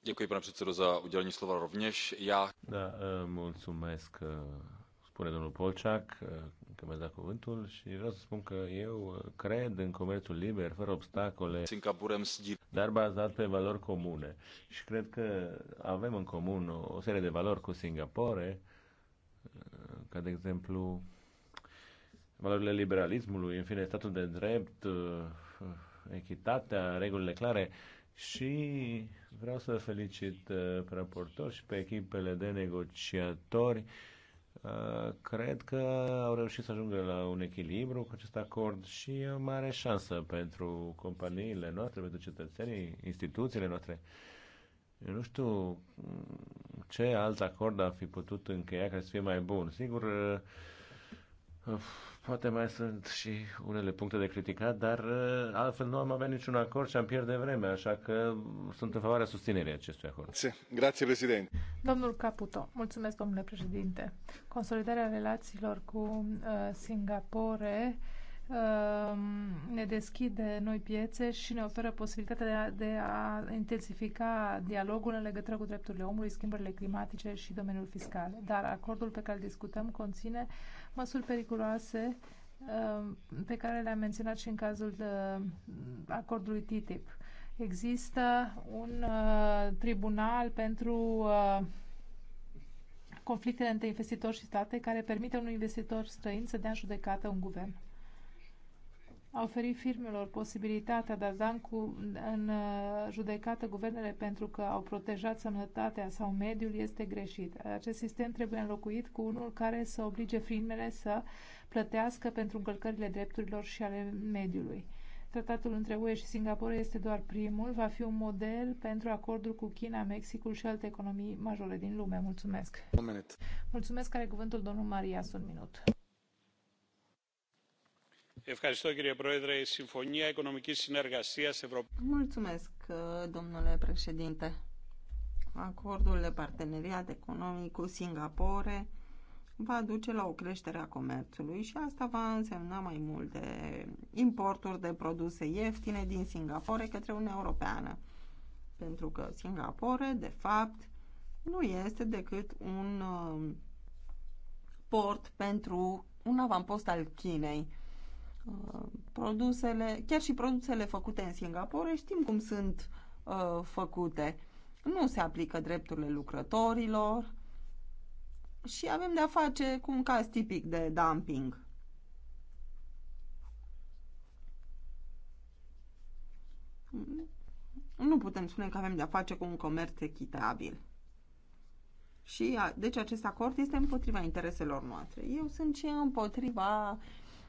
Děkuji, pane předsedo, za udělení slova rovněž. Já... Da, eh, mulțumesc eh, spune domnul Polciac, uh, că mi a dat cuvântul și vreau să spun că eu uh, cred în comerțul liber, fără obstacole, dar bazat pe valori comune. Și cred că avem în comun o serie de valori cu Singapore, uh, ca de exemplu valorile liberalismului, în fine, statul de drept, echitatea, regulile clare și vreau să felicit raportor și pe echipele de negociatori Uh, cred că au reușit să ajungă la un echilibru cu acest acord și e o mare șansă pentru companiile noastre, pentru cetățenii, instituțiile noastre. Eu nu știu ce alt acord ar fi putut încheia care să fie mai bun. Sigur, uh, uh, poate mai sunt și unele puncte de criticat, dar altfel nu am avea niciun acord și am pierde vreme, așa că sunt în favoarea susținerii acestui acord. Grazie, președinte. Domnul Caputo, mulțumesc, domnule președinte. Consolidarea relațiilor cu uh, Singapore uh, ne deschide noi piețe și ne oferă posibilitatea de a, de a intensifica dialogul în legătură cu drepturile omului, schimbările climatice și domeniul fiscal. Dar acordul pe care îl discutăm conține măsuri periculoase uh, pe care le-am menționat și în cazul uh, acordului TTIP Există un uh, tribunal pentru uh, conflictele între investitori și state care permite unui investitor străin să dea în judecată un guvern. A oferit firmelor posibilitatea de a da în, cu, în uh, judecată guvernele pentru că au protejat sănătatea sau mediul este greșit. Acest sistem trebuie înlocuit cu unul care să oblige firmele să plătească pentru încălcările drepturilor și ale mediului Tratatul între UE și Singapore este doar primul, va fi un model pentru acordul cu China, Mexicul și alte economii majore din lume. Mulțumesc! Mulțumesc, care cuvântul domnul Maria. un minut. Mulțumesc, domnule președinte. Acordul de parteneriat economic cu Singapore va duce la o creștere a comerțului și asta va însemna mai multe importuri de produse ieftine din Singapore către Uniunea Europeană. Pentru că Singapore, de fapt, nu este decât un um, port pentru un avampost al Chinei. Uh, produsele, chiar și produsele făcute în Singapore, știm cum sunt uh, făcute. Nu se aplică drepturile lucrătorilor, și avem de-a face cu un caz tipic de dumping. Nu putem spune că avem de-a face cu un comerț echitabil. Și, deci, acest acord este împotriva intereselor noastre. Eu sunt și împotriva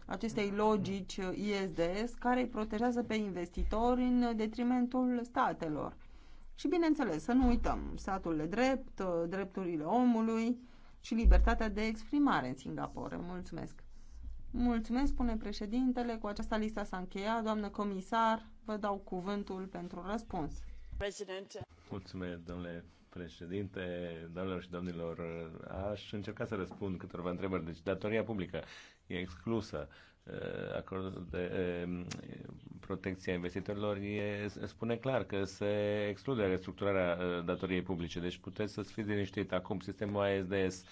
acestei logici ISDS care îi protejează pe investitori în detrimentul statelor. Și bineînțeles, să nu uităm, statul de drept, drepturile omului, și libertatea de exprimare în Singapore. Mulțumesc! Mulțumesc, spune președintele. Cu această lista s-a încheiat. Doamnă comisar, vă dau cuvântul pentru răspuns. President. Mulțumesc, domnule președinte, doamnelor și domnilor. Aș încerca să răspund câteva întrebări. Deci, datoria publică e exclusă Uh, acordul de um, protecție a investitorilor e, spune clar că se exclude restructurarea uh, datoriei publice. Deci puteți să fiți liniștit. Acum sistemul ASDS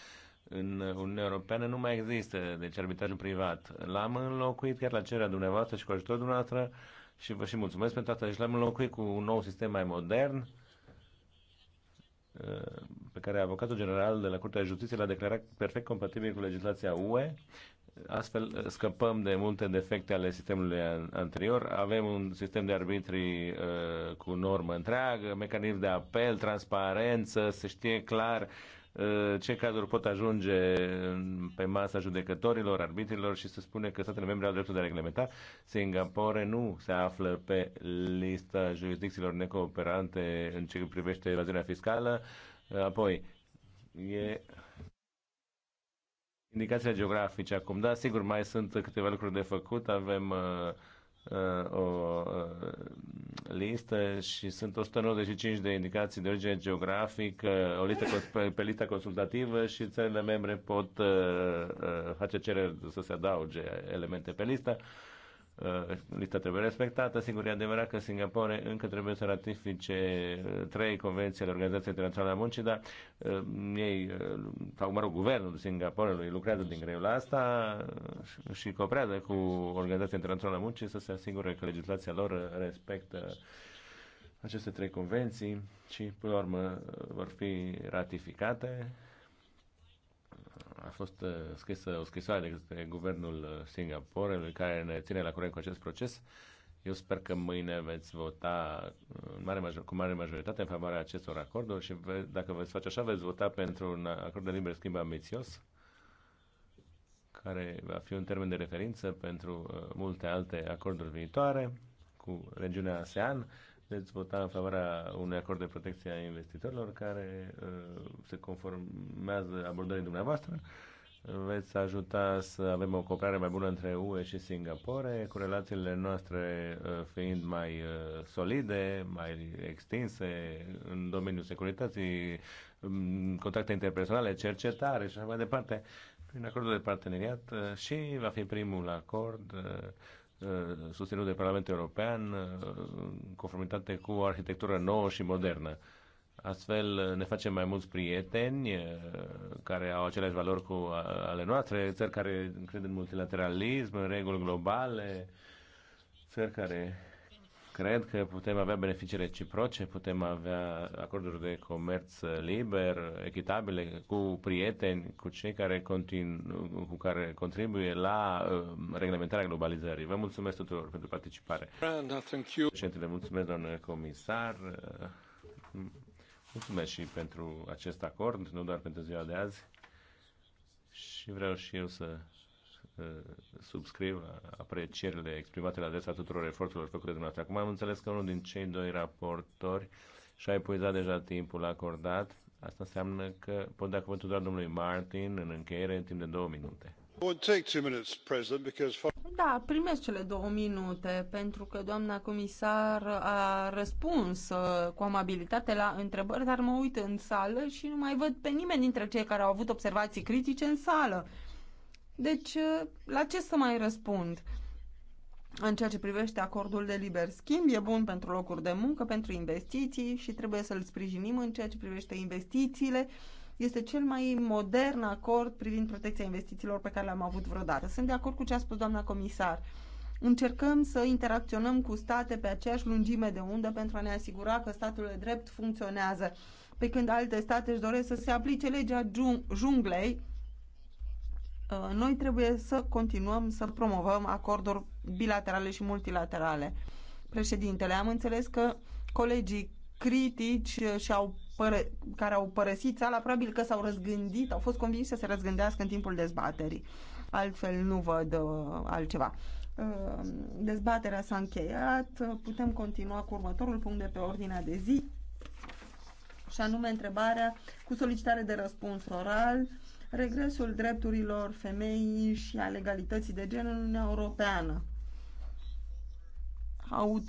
în Uniunea Europeană nu mai există, deci arbitrajul privat. L-am înlocuit chiar la cererea dumneavoastră și cu ajutorul dumneavoastră și vă și mulțumesc pentru asta. Deci l-am înlocuit cu un nou sistem mai modern uh, pe care avocatul general de la Curtea de Justiție l-a declarat perfect compatibil cu legislația UE Astfel scăpăm de multe defecte ale sistemului anterior. Avem un sistem de arbitri uh, cu normă întreagă, mecanism de apel, transparență, se știe clar uh, ce cazuri pot ajunge pe masa judecătorilor, arbitrilor și se spune că statele membre au dreptul de a reglementa. Singapore nu se află pe lista jurisdicțiilor necooperante în ce privește evaziunea fiscală. Apoi, e indicațiile geografice acum. Da, sigur, mai sunt câteva lucruri de făcut. Avem uh, uh, o uh, listă și sunt 195 de indicații de origine geografică, o listă pe, pe lista consultativă și țările membre pot uh, uh, face cereri să se adauge elemente pe listă. Uh, Uh, lista trebuie respectată. Sigur, e adevărat că Singapore încă trebuie să ratifice uh, trei convenții ale Organizației Internaționale a Muncii, dar uh, ei, sau mă rog, guvernul Singaporelui lucrează din greu la asta și coprează cu Organizația Internațională a Muncii să se asigure că legislația lor respectă aceste trei convenții și, până la urmă, vor fi ratificate a fost uh, scrisă o scrisoare de către guvernul uh, Singaporelui care ne ține la curent cu acest proces. Eu sper că mâine veți vota uh, în mare major, cu mare majoritate în favoarea acestor acorduri și ve, dacă veți face așa, veți vota pentru un acord de liber schimb ambițios, care va fi un termen de referință pentru multe alte acorduri viitoare cu regiunea ASEAN veți vota în favoarea unui acord de protecție a investitorilor care uh, se conformează abordării dumneavoastră. Veți ajuta să avem o cooperare mai bună între UE și Singapore, cu relațiile noastre uh, fiind mai uh, solide, mai extinse în domeniul securității, mm, contacte interpersonale, cercetare și așa mai departe, prin acordul de parteneriat și va fi primul acord Uh, susținut de Parlamentul European uh, în conformitate cu o arhitectură nouă și modernă. Astfel uh, ne facem mai mulți prieteni care au aceleași valori cu ale noastre, țări care cred în multilateralism, în reguli globale, țări care Cred că putem avea beneficii reciproce, putem avea acorduri de comerț liber, echitabile, cu prieteni, cu cei care, continu, cu care contribuie la uh, reglementarea globalizării. Vă mulțumesc tuturor pentru participare. Uh, Președintele, mulțumesc, doamnă comisar. Uh, mulțumesc și pentru acest acord, nu doar pentru ziua de azi. Și vreau și eu să Uh, subscriu la aprecierile exprimate la adresa tuturor eforturilor făcute de dumneavoastră. Acum am înțeles că unul din cei doi raportori și-a epuizat deja timpul acordat. Asta înseamnă că pot da cuvântul doar domnului Martin în încheiere în timp de două minute. Da, primesc cele două minute, pentru că doamna comisar a răspuns uh, cu amabilitate la întrebări, dar mă uit în sală și nu mai văd pe nimeni dintre cei care au avut observații critice în sală. Deci, uh, la ce să mai răspund? În ceea ce privește acordul de liber schimb, e bun pentru locuri de muncă, pentru investiții și trebuie să-l sprijinim în ceea ce privește investițiile. Este cel mai modern acord privind protecția investițiilor pe care le-am avut vreodată. Sunt de acord cu ce a spus doamna comisar. Încercăm să interacționăm cu state pe aceeași lungime de undă pentru a ne asigura că statul de drept funcționează, pe când alte state își doresc să se aplice legea junglei Uh, noi trebuie să continuăm să promovăm acorduri bilaterale și multilaterale. Președintele, am înțeles că colegii critici și au pără, care au părăsit țara, probabil că s-au răzgândit, au fost convinși să se răzgândească în timpul dezbaterii. Altfel nu văd uh, altceva. Uh, dezbaterea s-a încheiat, putem continua cu următorul punct de pe ordinea de zi, și anume întrebarea cu solicitare de răspuns oral regresul drepturilor femeii și a legalității de gen în Uniunea Europeană. Auto